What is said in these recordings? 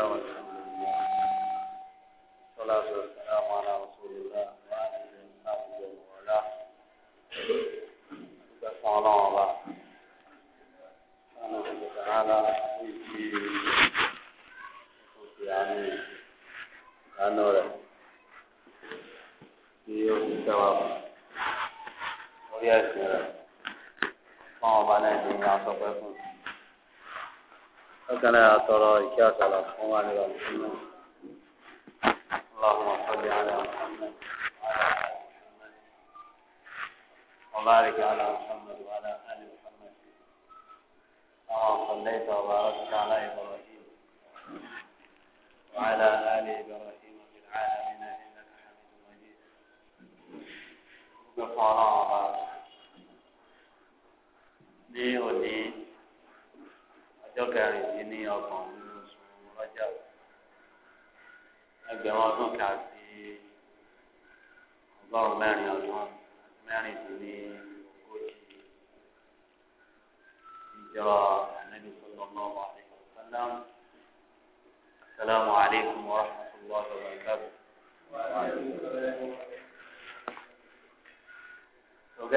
know it. عليه وسلم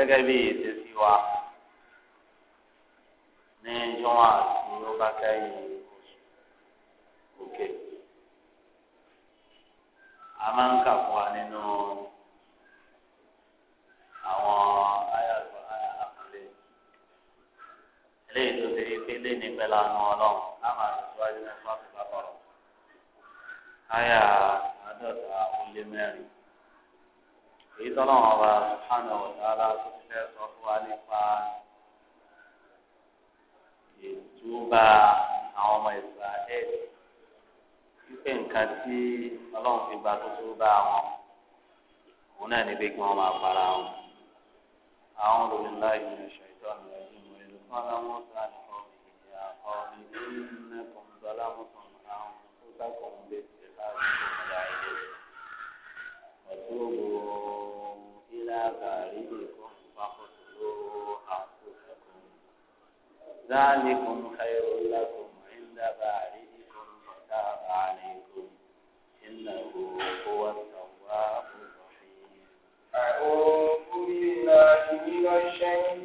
gẹ́gẹ́ bíi náà ní pé kí wọ́n máa para change.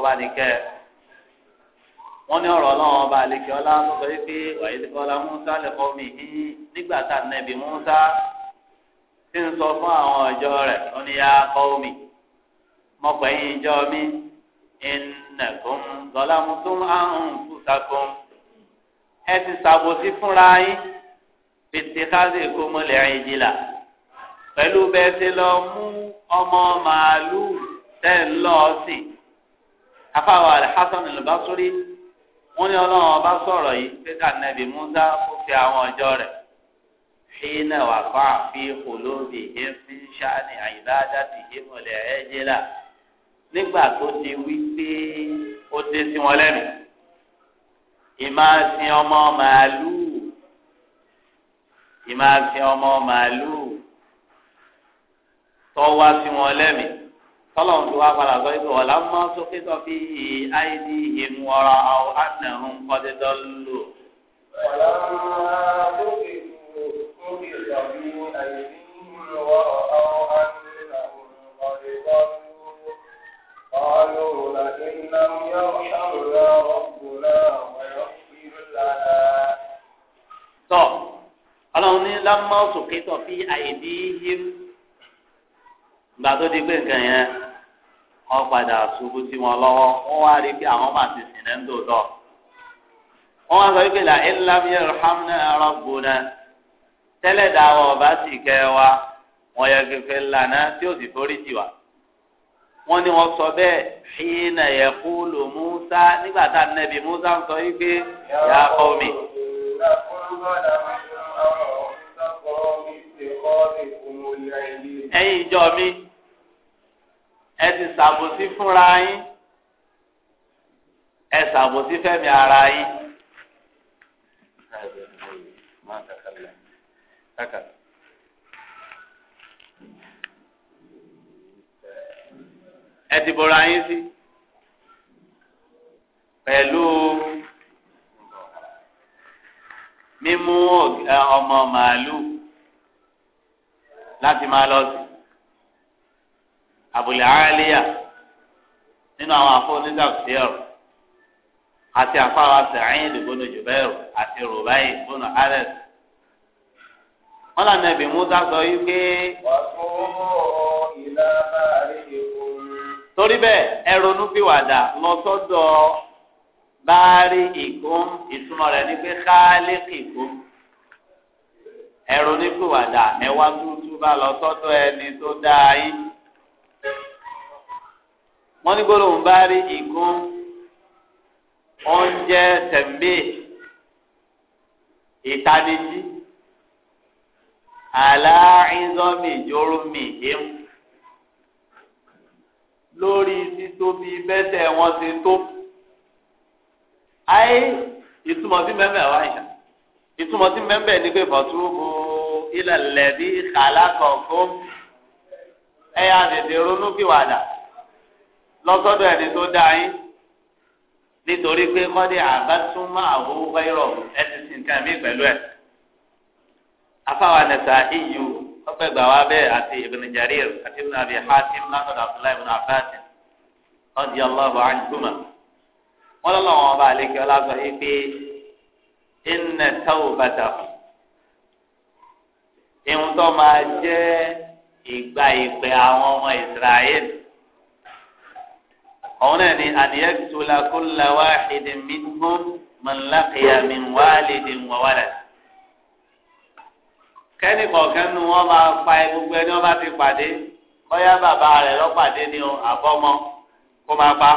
ọba nìkẹ́ wọ́n ní ọ̀rọ̀ ọlọ́run ọba àlekè ọlá tó sọ wípé wàyí ti kọ́ ọlá Musa lẹ́kọ́ mi hí nígbà tá a nẹ́bi Musa ti ń sọ fún àwọn ọjọ́ rẹ̀ ó ní ya kọ́ omi mọ̀pẹ́ yín jọ mí ìnàkùn lọ́lámùtún àrùn fúsàkùn ẹ ti ṣàbòsí fúnra yín pété káàdì kó mọ́lẹ̀ ẹ̀yìn jìlá pẹ̀lú bẹ́ẹ̀ ti lọ mú ọmọ màálù tẹ́ ń lọ sí i afáwa alhassan al-basri wọn ní ọlọ́run ọba sọ̀rọ̀ yìí pété ànábì musa kó fi àwọn ọjọ́ rẹ̀ hina wà fà fi kòlóbì efi sani àyíbáda ti himọlẹ ẹjẹlá nígbà tó di wípé ó dé sí wọn lẹ́nu ìmáàsìn ọmọ màálù ìmáàsìn ọmọ màálù tọ́wá sí wọn lẹ́mìí tọ́lọ́run ti wá padà sọ pé ọ̀la mọ́ sókè sọ fi àìdí ìhìmú ọ̀rọ̀ àwọn àtẹ̀hún kọ́dé dọ́lù. ọ̀la sókè sókè sọ fi àìdí ìhìmú ọ̀rọ̀ àwọn àtẹ̀hún kọ́dé dọ́lù. قالوا لئن لم يرحمنا ربنا ويغفر لنا tọ́ ọlọ́run ní lámọ́ sòkè tó fi àìdí yìí gbà di pé nǹkan yẹn wọ́n padà ṣubú sí wọn lọ́wọ́ wọ́n wá rí pé àwọn máa ti sìn lẹ́ńdò lọ. wọ́n wá sọ wípé làá ìlàmì rahamna rabbuna tẹ́lẹ̀ dà wọ́n ọba sì kẹ́ wa wọ́n yẹ kẹfẹ́ lànà tí ó sì forí jì wá. wọ́n ní wọ́n sọ bẹ́ẹ̀ hina yaqulu Musa nígbà tá a nẹ́bi Musa ń sọ wípé ya qaumi. ẹ̀yin ìjọ mi ẹ ti ṣàbòsí fúnra yín ẹ ṣàbòsí fẹ́mi ara yín. ẹ ti bọ̀rọ̀ ayín sí pẹ̀lú mímú ọmọ màálù láti máa lọ sí abul aliya nínú àwọn afọ onídàbíyàrò àti àfáwà sa'id ibn jubair àti rubai ibn anas wọn là nàbì musa sọ yìí pé. torí bẹ́ẹ̀ ẹ ronú pìwàdà lọ sọ́dọ̀ báárí ìkún ìtumọ̀ rẹ̀ ní pé káálíkì ìkún ẹ ronú pìwàdà ẹ bá lọ sọ́dọ̀ ẹni tó dáa yìí wọ́n ní gbọ́dọ̀ ń bá rí ìgún oúnjẹ tẹ̀m̀bé ìtanijí aláìzọ́mì ìjọ́rùmì ìhìn lórí títóbi bẹ́sẹ̀ wọn ti tó ayé ìtumọ̀ sí mẹ́mẹ́ wá yẹn ìtumọ̀ sí mẹ́mẹ́ ni pé fọ̀túbù ilẹ̀ lẹ́bí kàlákọ̀ọ́kọ́ ẹ̀yà tètè ronú kíwàdà lọ́sọ́dọ̀ ẹni tó dá yín nítorí pé kọ́dé àbátúmọ̀ àwòwọ́ báyọ̀ ẹ ti sin nǹkan mi pẹ̀lú ẹ̀. afáwa nẹ̀sà iyù ọgbẹ́ gbà wá bẹ́ẹ̀ àti Ibn Jarir àti Ibn Abi Hatim látọ̀dọ̀ Abdullahi ibn Abbas radiyallahu anhuma. wọ́n lọ́nà wọn bá àlekè ọlá yìí pé inna tawbata ìhun tó máa jẹ́ ìgbà ìpè àwọn ọmọ Israẹli ọ̀hún náà ni àdìyẹ́kùtùlà kúlà wá èdè mímún mọ̀lákìyà mi wá lédè wọ̀ wálẹ̀. kẹ́ni kọ̀ọ̀kan nu wọ́n máa pa gbogbo ẹni wọ́n bá ti pàdé bóyá bàbá rẹ̀ lọ́pàdé ni àbọ́mọ kó máa pa.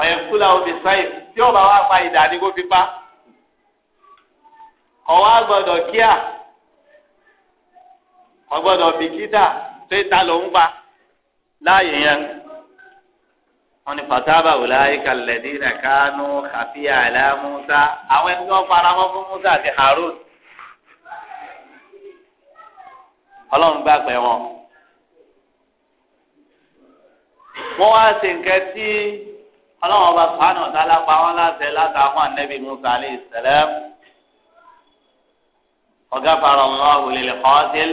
ọ̀yẹ̀kùlà obì sáyẹ̀ tí ó bá wá pa ìdá ni kó fi pa. ọ̀wá gbọ́dọ̀ kíá ọ̀gbọ́dọ̀ bìkítà tó ìta ló ń pa láàyè yẹn wọn ni fataba ulaika alladina kanu khafiya ala musa àwọn ẹni tó faramọ́ fún musa àti harun ọlọ́run gbà pé wọn. wọ́n wá sí nǹkan tí ọlọ́run ọba sùhánù tálá pa wọ́n láṣẹ látàkùn ànẹ́bí musa alayhi salam. ọ̀gáfàrọ̀ Allahu lil qatil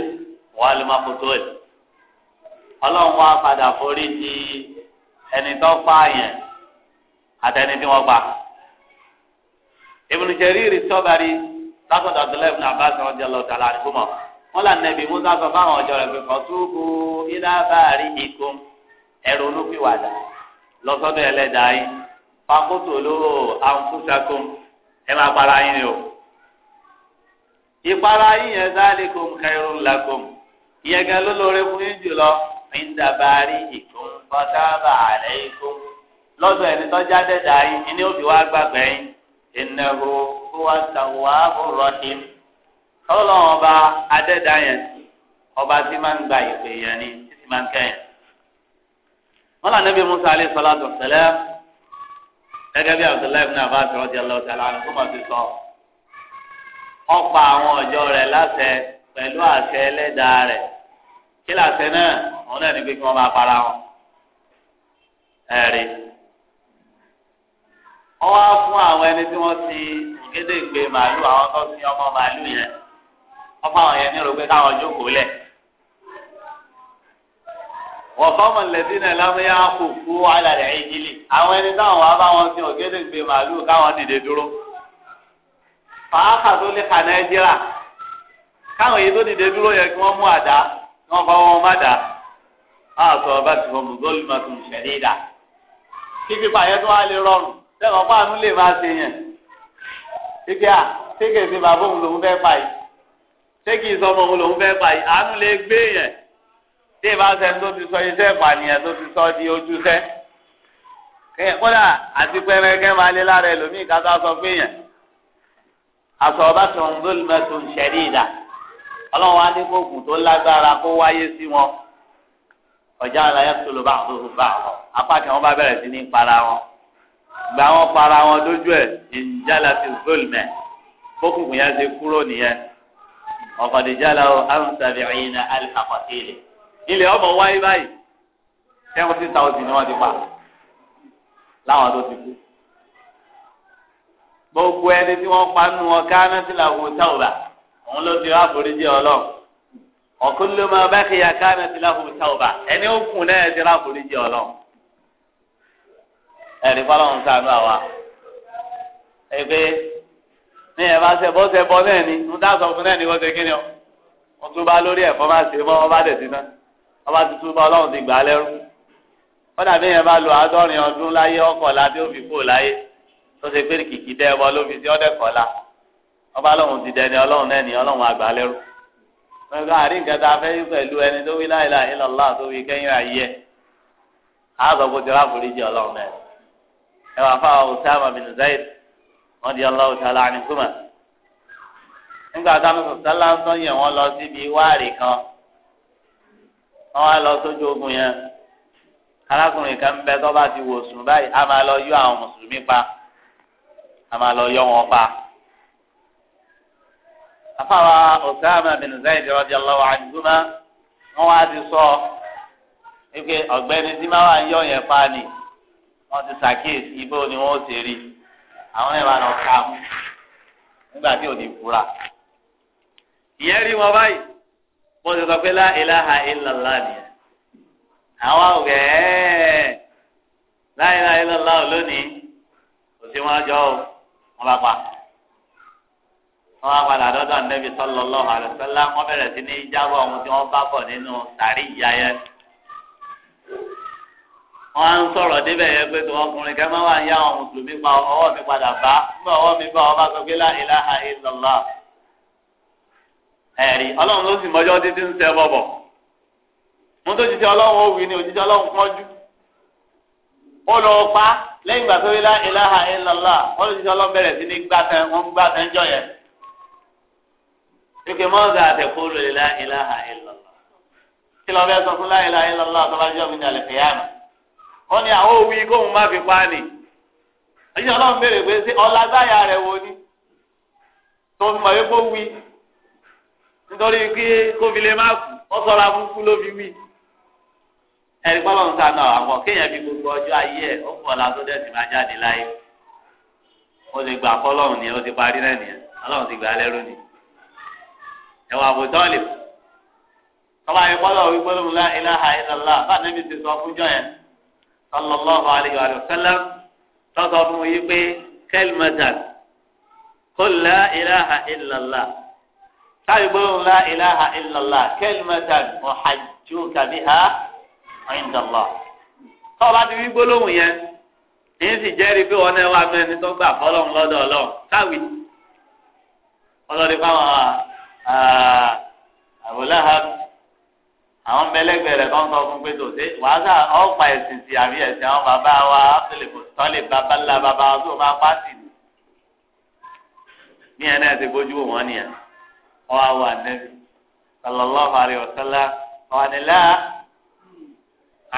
wal maqtul. ọlọ́run wá padà forí di ẹni tó pààyàn àtẹni tí wọ́n pa. Ibn Jarir Tabari lákòtò Abdullahi ibn Abbas radiyallahu ta'ala anhuma wọn là nẹbi Musa sọ fáwọn ọjọ́ rẹ̀ pé fọtúbù ila bari'ikum ẹrù olúfiwàdà lọsọdọ ẹlẹdàá yín fakótóló anfusakum ẹ máa para yín o ìpara yín yẹn zalikum khairun lakum ìyẹn gan ló lóore fún yín jùlọ ìdàbàárí ìkún bọ́tàbà àlẹ́ ikún lọ́dọ̀ ẹni tọ́já dẹ́dà yín iní òbí wa gbàgbẹ́ yín ìnáwó kó wa sàwọ́ àbúrò yín ọlọ́run ọba adẹ́dà yẹn ọba tí máa ń gba ìpè yẹn ni títí máa ń kẹ́yìn. wọ́n lànà bí musa alẹ́ sọlá tó tẹ̀lé gẹ́gẹ́ bí abdullahi ibn abbas rọ́ọ̀dì ọlọ́ọ̀tà lánàá kó máa fi sọ ọ̀pọ̀ àwọn ọ̀jọ́ rẹ̀ láṣẹ pẹ̀lú àṣẹ ẹlẹ́dàá rẹ̀ kí làṣẹ náà. òun náà ní pé kí wọ́n máa para wọn ẹ̀rí. wọ́n wá fún àwọn ẹni tí ti gédéǹgbé màálù àwọn tó ti ọmọ màálù yẹn wọ́n fún àwọn yẹn ní rògbé káwọn jókòó lẹ̀. wọ́n fọ́mọ̀ lẹ́sí náà lámúyá kò kú alàlẹ́ ìjìlì àwọn ẹni táwọn wá bá wọn ti ògédéǹgbé màálù káwọn dìde dúró. fàákà tó lè kà káwọn tó dìde dúró yẹ kí mú àdá wọn má àtọ̀ ọba ti fọ́ mùsọ́lù máa tún ṣẹ̀lẹ̀ ìdá kíkí pààyẹ́ tó wá lè rọrùn sẹ́wọ̀n pàánù lè máa ṣe yẹn kíkí à kíkì sí bàbá òun lòún fẹ́ pa yìí ṣé kì í sọ ọmọ òun lòún fẹ́ pa yìí àánú lè gbé yẹn tí ìbá sẹ́ni tó ti sọ iṣẹ́ ìpànìyàn tó ti sọ di ojúṣẹ́ kódà àti pẹ́rẹ́gẹ́ máa lé lára ẹlòmíì kátó sọ pé yẹn àtọ̀ tó ń gbólùmọ̀ tó ń ṣẹ̀lẹ̀ ìdá ọlọ́run á ní kókùn tó lágbára kó wáyé sí wọn ọjà àlàyé tolo bá àwọn bá àwọn apá kan wọn bá bẹ̀rẹ̀ sí ní para wọn gba wọn para wọn lójú ẹ ìjàlá ti zolmẹ fókùnkùn yẹn ti kúrò nìyẹn ọkọdìjàlá o ansabi ẹyinna alifakọtìlì ilẹ̀ ọmọ wáyé báyìí seventy thousand ni wọ́n ti pa láwọn tó ti kú gbogbo ẹni tí wọ́n pa nù wọn ká náà ti làwọn táwọn bá òun ló ti wá foríjì Ọlọ́run ọ̀kúnlẹ̀ máa bá kí yàká náà ti láhùn sáwùbà ẹni ó kùn náà ti ráàbù ní jẹ́ ọlọ́run ẹ̀rí fọlọ́run sànú àwa ẹgbẹ́ ní ẹ̀ bá ṣẹbọ ṣẹbọ náà ni ń dá sọ fún náà ni wọ́n ṣe kí ni ọ wọ́n tún bá lórí ẹ̀fọ́ máa ṣe mọ́ ọba dẹ̀ síná ọba tuntun bá ọlọ́run ti gbà á lẹ́rú wọ́n dàbí yẹn bá lo àádọ́rin ọdún láyé ọkọ̀ọ̀la tí ó fi láyé tó ṣe pé kìkì dẹ́ ẹbọ ló fi sí ọ́dẹ̀kọ̀ọ̀la ọba ọlọ́run ti dẹni ọlọ́run náà ni ọlọ́run àgbà lẹ́rú gbẹgbẹ àárín nǹkan tá a fẹ́ yí pẹ̀lú ẹni tó wí la ilaha illallah tó wí kẹ́yìn ayé àgbàgbọ́ ti ráforí jẹ ọlọ́run náà ẹ wà fáwọn Usama bin Zaid radiyallahu ta'ala anhuma nígbà táwọn sọ̀tàlá ń tán yẹn wọ́n lọ síbi wáàrí kan wọ́n wá lọ sójú ogun yẹn arákùnrin kan bẹ tó bá ti wò sùn báyìí a máa lọ yọ àwọn mùsùlùmí pa a máa lọ yọ wọn pa afáwa Osama bin Zaid radiyallahu anhuma wọn wá ti sọ pé ọ̀gbẹ́ni tí máa wà ń yọ yẹn pa ni wọn ti ṣàkíyèsí ibo ni wọn ó ṣe rí àwọn ẹ̀ máa lọ ká mú nígbà tí ò ní fura ìyẹn rí wọn báyìí mo ti sọ pé la ilaha illallah nìyẹn àwọn àwòrán ẹ̀ẹ́ la lónìí kò sí wọn jọ ọ wọn bá pa. wọn wá padà dọdọ anabi sallallahu alaihi wasallam wọn bẹ̀rẹ̀ sí ní jábọ ohun tí wọn bá bọ nínú sàárì ìyá yẹn wọn á ń sọ̀rọ̀ débẹ̀ pé tí ọkùnrin kẹ máa wà ń àwọn mùsùlùmí pa ọwọ́ mi padà bá la ilaha ló sì mọjọ títí bọbọ mo tó jíjẹ ni òjíjẹ pọnjú ó lọ pa ilaha ó lọ jíjẹ pípé mọ́gà àtẹ̀kọ́ lòlẹ̀ láìláha ìlọ́lá kí lọ́ọ́ bẹ́ẹ̀ sọ fún láìláha ìlọ́lá tó bá jọ́ mi dàlẹ́ fìyàmù wọ́n ní àwọn òwì kóhun má fi pa ni ẹ̀yin ọlọ́run béèrè pé ṣé ọlágbáyà rẹ̀ wo ni tó fi mọ̀ wípé wí nítorí kí kófì lè má kú wọ́n sọ̀rọ̀ ló fi wí ẹ̀rí pọ́lọ́ ń sanà àwọn kéèyàn fi gbogbo ọjọ́ ayé ẹ̀ ó fọ̀ lásán dẹ́sì máa jáde láyé ó ti gbà fọ́lọ́run ni ó ti parí rẹ̀ ẹ̀wọ̀n àbùtọ́lì tọ́ba yìí kọ́lọ̀ wí gbólóhùn la ilaha illallah bá níbi ti sọ fún jọ́yẹ̀ sallallahu alayhi wa sallam tọ́sọ̀ fún yìí pé kẹ́lìmẹ́tàn kó la ilaha illallah táyì gbólóhùn la ilaha illallah kẹ́lìmẹ́tàn uhajjuka biha indallah tọ́ba ti wí gbólóhùn yẹn ní sì jẹ́rìí pé wọn náà wà mẹ́rin tó gbà fọlọ́hún Ah, àbúláhàm àwọn mẹlẹgbẹrẹ kan sọ fún pé tòṣe wàhálà ọ̀pá ẹ̀sìn ti àbí ẹ̀sìn àwọn bàbá wa tọ́lẹ̀ bàbá ńlá bàbá wa tó máa pàṣẹ ni ní ẹ̀ náà ti bójú wò wọ́n nìyẹn ọ̀hún àwọn ànẹ́bí sallallahu alayhi wa sallam ọ̀hún ni láà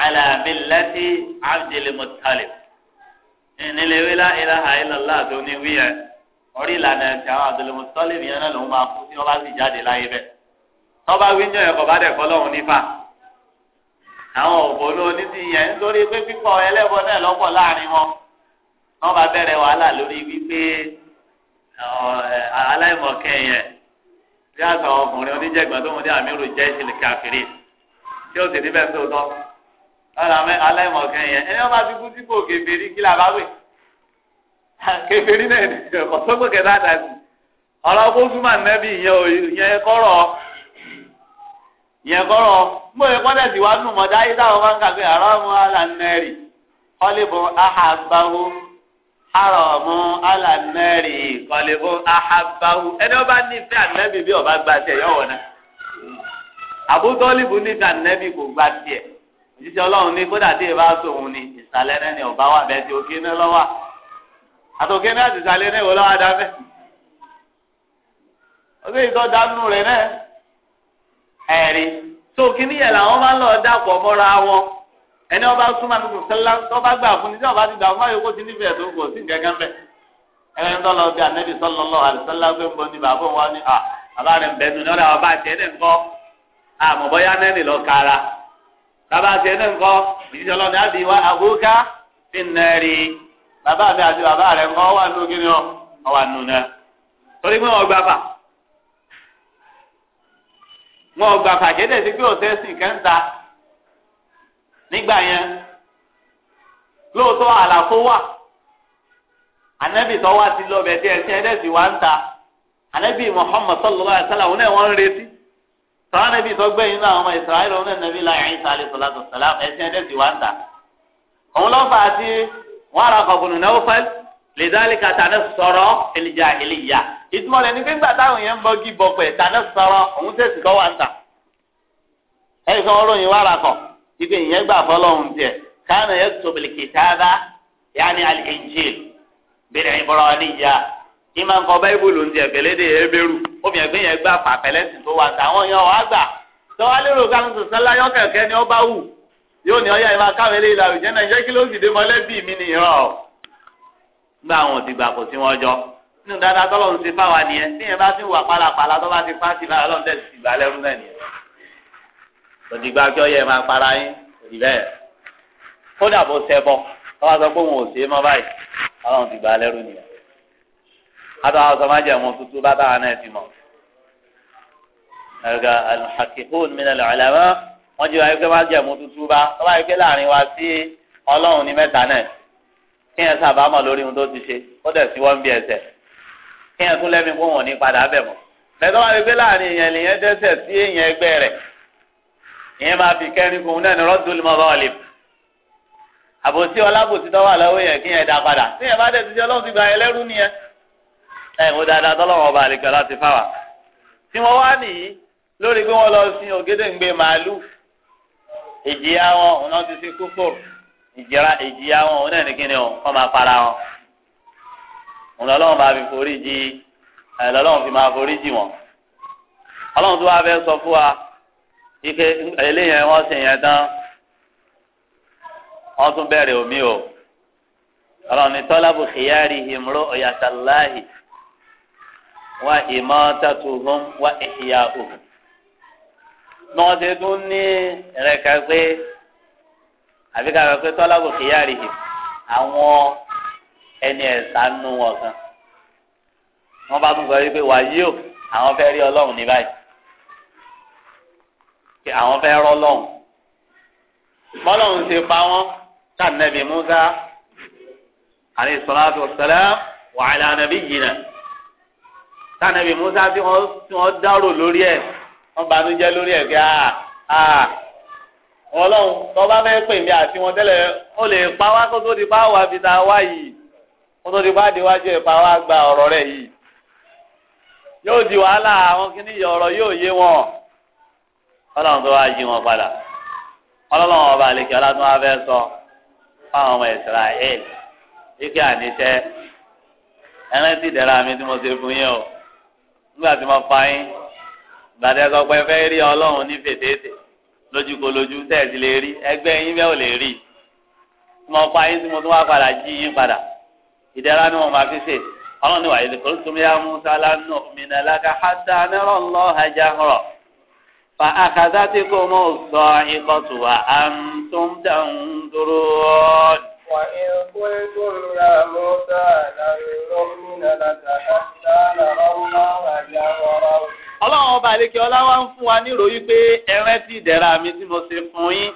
ala millati abdil muttalib ìnílẹ̀wé la ilaha illallah tó ní wíyẹn orí ìlànà ẹ̀sìn àwọn àdùlùmùsọ́lì yẹn náà lòun máa kú tí wọ́n bá sì jáde láyé bẹ́ẹ̀. tọ́ba wíńjọ yẹn kọ̀ bá dẹ̀ kọ́ lọ́hùn nípa. àwọn òbólú oníṣìyẹn nítorí pé pípọ̀ ẹlẹ́bọ náà lọ́pọ̀ láàrin wọn. wọ́n bá bẹ̀rẹ̀ wàhálà lórí wípé aláìmọ̀kẹ́ yẹn bí àgbà ọkùnrin oníjẹ̀gbọ́n tó ń dé àmírù jẹ́ ìṣẹ̀lẹ̀ káfírí tí ó sì kèfèrí náà ni ọ̀sọ́gbọ̀n kẹta dà sí ọ̀rọ̀ kó nẹ́bí ìyẹn kọ́rọ̀ ìyẹn kọ́rọ̀ mo yẹ kọ́lẹ̀ tí wàá nùmọ̀ dáyé táwọn máa ń kà pé àrọ́ mu alànẹ́rì kọ́lébùn ahàbáwò àrọ̀ mu alànẹ́rì kọ́lébùn ahàbáwò ẹni ọba nífẹ̀ẹ́ ànẹ́bí bí ọba gba tiẹ̀ yọ̀wọ̀ náà àbútọ́líbù nífẹ̀ẹ́ ànẹ́bí kò gba tiẹ̀ òjíṣẹ́ ọlọ́run ní kódà tí ì àtòkè ní àtìsálẹ̀ náà ìwọ lọ́wọ́ adáfẹ́ ọdún ìtọ́ dánú rẹ̀ náà ẹ̀rí tó kíní yẹn làwọn máa ń lọ dàpọ̀ mọ́ra wọn ẹni ọba súnmọ́ àti kòsẹ́lá tọ́ba gbà fún ni tí ọba ti gbà fún ayọ̀kọ́ ti nífẹ̀ẹ́ tó kò sí gẹ́gẹ́ bẹ́ẹ̀ ẹni tó lọ bí anabi sọlọ́lọ́ àdìsọ́lá pé ń bọ́ ní bàbá wọn ni à bàbá rẹ̀ ń bẹ́ẹ̀ nínú ọ̀rẹ́ ọba àti ẹ̀dẹ̀ ńkọ́ àmọ̀bọ́yá nẹ́ẹ̀nì lọ kára bàbá àti ẹ̀dẹ̀ ńkọ́ ìdíjọ́ lọ́dẹ àbí bàbá mi àti bàbá rẹ ńkọ́ wà nù kíni ọ wà nù náà torí pé wọn gbà fà wọn gbà fà kéde sí pé ọ̀sẹ̀ sìn kẹ́ńtà nígbà yẹn lóòótọ́ àlàfo wà anabi tó ti lọ bẹ̀ tí ẹ̀sìn ẹ̀dẹ́sì wá ń ta anabi Muhammad sallallahu alaihi Waraqa ibn na lidhalika tanassara fil jahiliyya ìtumọ̀ rẹ̀ ní pé nígbà táwọn èèyàn ń bọ́gí bọ̀pẹ̀ tanassara òun tẹ̀sí kọ́ wá ń tà ẹ̀yìn kan ròyìn Waraqa ibi ìyẹn gbà fọlọ́hún tiẹ̀ ka yaktubu al-kitaba yani al-injil bil ibraniyya ìmọ̀ nǹkan báyìbùlù ń tiẹ̀ gbẹ̀lédè ebéru obìnrin yóò ní ọyá ìmọ̀ akáwé lé ìlà òjẹ́ náà jẹ́ kí ló sì dé mọ́lẹ́bí mi nìyẹn ọ̀. nígbà àwọn òtí gbà kò sí wọn jọ nínú dáadáa tọ́lọ̀ ń ṣe fáwa nìyẹn tí yẹn bá ti wà pálapàla tó bá ti pàṣẹ lára lọ́n tẹ̀ sí ìgbà lẹ́rú náà nìyẹn. òtí gbà kí ọyẹ máa para yín òtí bẹ́ẹ̀. kódà bó ṣẹ bọ tọ́wọ́ sọ pé òun ò ṣe é mọ́ báyìí ọlọ́run ti gbà lẹ́rú wọ́n ti wá yìí pé má jẹ̀mú tútú bá wọ́n bá yìí pé láàrin wa sí ọlọ́run ní mẹ́ta náà kí yẹn sábà mọ̀ lórí ohun tó ti ṣe ó dẹ̀ sí wọ́n bí ẹsẹ̀ kí yẹn tún lẹ́mi kó wọ́n ní padà bẹ̀ mọ́ bẹ́ẹ̀ tó wá yìí pé láàrin ìyẹn lèyẹn dẹ́sẹ̀ sí èèyàn ẹgbẹ́ rẹ̀ ìyẹn máa fi kẹ́rin kún un náà ní rọ́dùn mọ́ bọ́ọ̀lì àbòsí ọlábòsí tó wà lọ́wọ́ yẹn kí yẹn dá padà tí yẹn bá dẹ̀ ìjìyà wọn òun náà ti fi kúfòrò ìjìyà ìjìyà wọn òun náà ní kíni o wọn máa para wọn òun lọ́lọ́run máa fi forí jì ẹ lọ́lọ́run fi máa forí jì wọn ọlọ́run tó wá fẹ́ sọ fún wa ike eléyẹn wọ́n sì yẹn tán wọ́n tún bẹ̀rẹ̀ omi o ọlọ́run ní tọ́lábù kìyàrí ìmúró ọ̀yàtàláhì wá ìmọ̀ tàtúhùn wá ìhìyà òhùn ní wọ́n ti tún ní ẹ̀rẹ̀ka pé àbí kára pé tọ́lábù kìyàrí yìí àwọn ẹni ẹ̀sà nù wọn kan wọ́n bá tún sọ wípé wàyí o àwọn fẹ́ rí ọlọ́run ní báyìí pé àwọn fẹ́ rọ́ ọlọ́run bọ́lọ́run ti pa wọ́n sànẹ́bí Musa àti sọláàtù sẹlẹ̀ wàhálà nàbí yìí nà sànẹ́bí Musa tí wọ́n dárò lórí ẹ̀ wọn banújẹ́ lórí ẹgbẹ́ a ah, a ah, wọn lọhùn tọba fẹẹ pè mí àti wọn tẹ́lẹ̀ ó lè pa wá kó tó di pa wá fi ta wá yìí kó tó di pa déwájú ẹ pa wá gba ọ̀rọ̀ rẹ̀ yìí yóò di wàhálà àwọn kìíní yọ ọ̀rọ̀ yóò yé wọn Ọlọ́run tó wá yí wọn padà Ọlọ́run ọba àlekè ọlátún wa fẹẹ sọ fáwọn ọmọ Israel ike àníṣe ẹrántí dẹrẹ àmì tí mo ṣe fún yín o nígbà tí mo fa yín. gbadẹ́sọ pé efe rí ọlọrun ní fètètè lójúkọ lójú lè rí ẹgbẹ́ yín bẹ́ẹ̀ ò lè rí mo pa yín tí mo tún wá padà jí yín padà ni máa fi ṣe ọlọ́run ní wàyí lẹ́kọ̀ọ́ tó yá musa lánà òmìnira lága hádà nírọ̀ lọ́ fa àkàtà tí kò sọ tó ń dúró. ọlọ́run ọba àlekè ọlá wa ń fún wa níròyìn pé ẹ rántí ìdẹ̀ra mi tí mo ṣe fún yín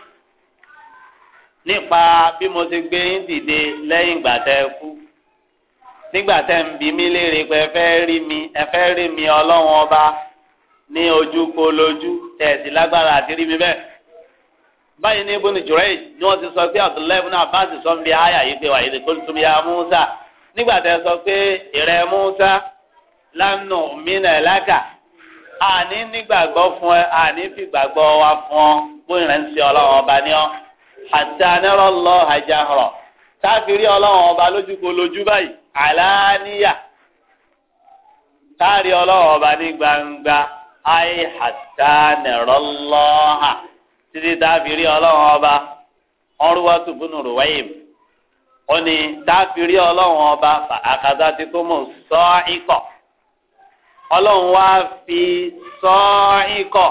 nípa bí mo ṣe gbé yín dìde lẹ́yìn ìgbà tẹ́ kú nígbà tẹ́ ń bí mi léèrè pé ẹ fẹ́ rí mi ẹ fẹ́ rí mi ọlọ́run ọba ní ojú kó lójú tẹ̀ lágbára àti rí mi bẹ́ẹ̀ báyìí ní ibùdó jùrẹ́ẹ̀j ni wọ́n ti sọ pé Abdullahi ibùdó Abbas sọ ń bí àyà yìí pé wàyí kò tún ya Musa nígbà tẹ́ sọ pé ìrẹ́ Musa lánàá mí nà ẹ̀ àní nígbàgbọ́ fún ẹ àní fìgbàgbọ́ wa fún ọ bóyá ń ṣe ọlọ́run ọba ní ọ àti anẹ́rọ̀ lọ àjà rọ̀ táàkiri ọlọ́run ọba lójú kò lójú báyìí àlàáníyà táàrí ọlọ́run ọba ní gbangba àì àtà nẹ̀rọ̀ lọ́hà títí táàkiri ọlọ́run ọba ọrùwàtú bùnú rùwáyìm ó ní táàkiri ọlọ́run ọba àkàtà tí kò mọ̀ sọ́ ikọ̀ ọlọ́run wá fi sọ́ọ́ìkọ̀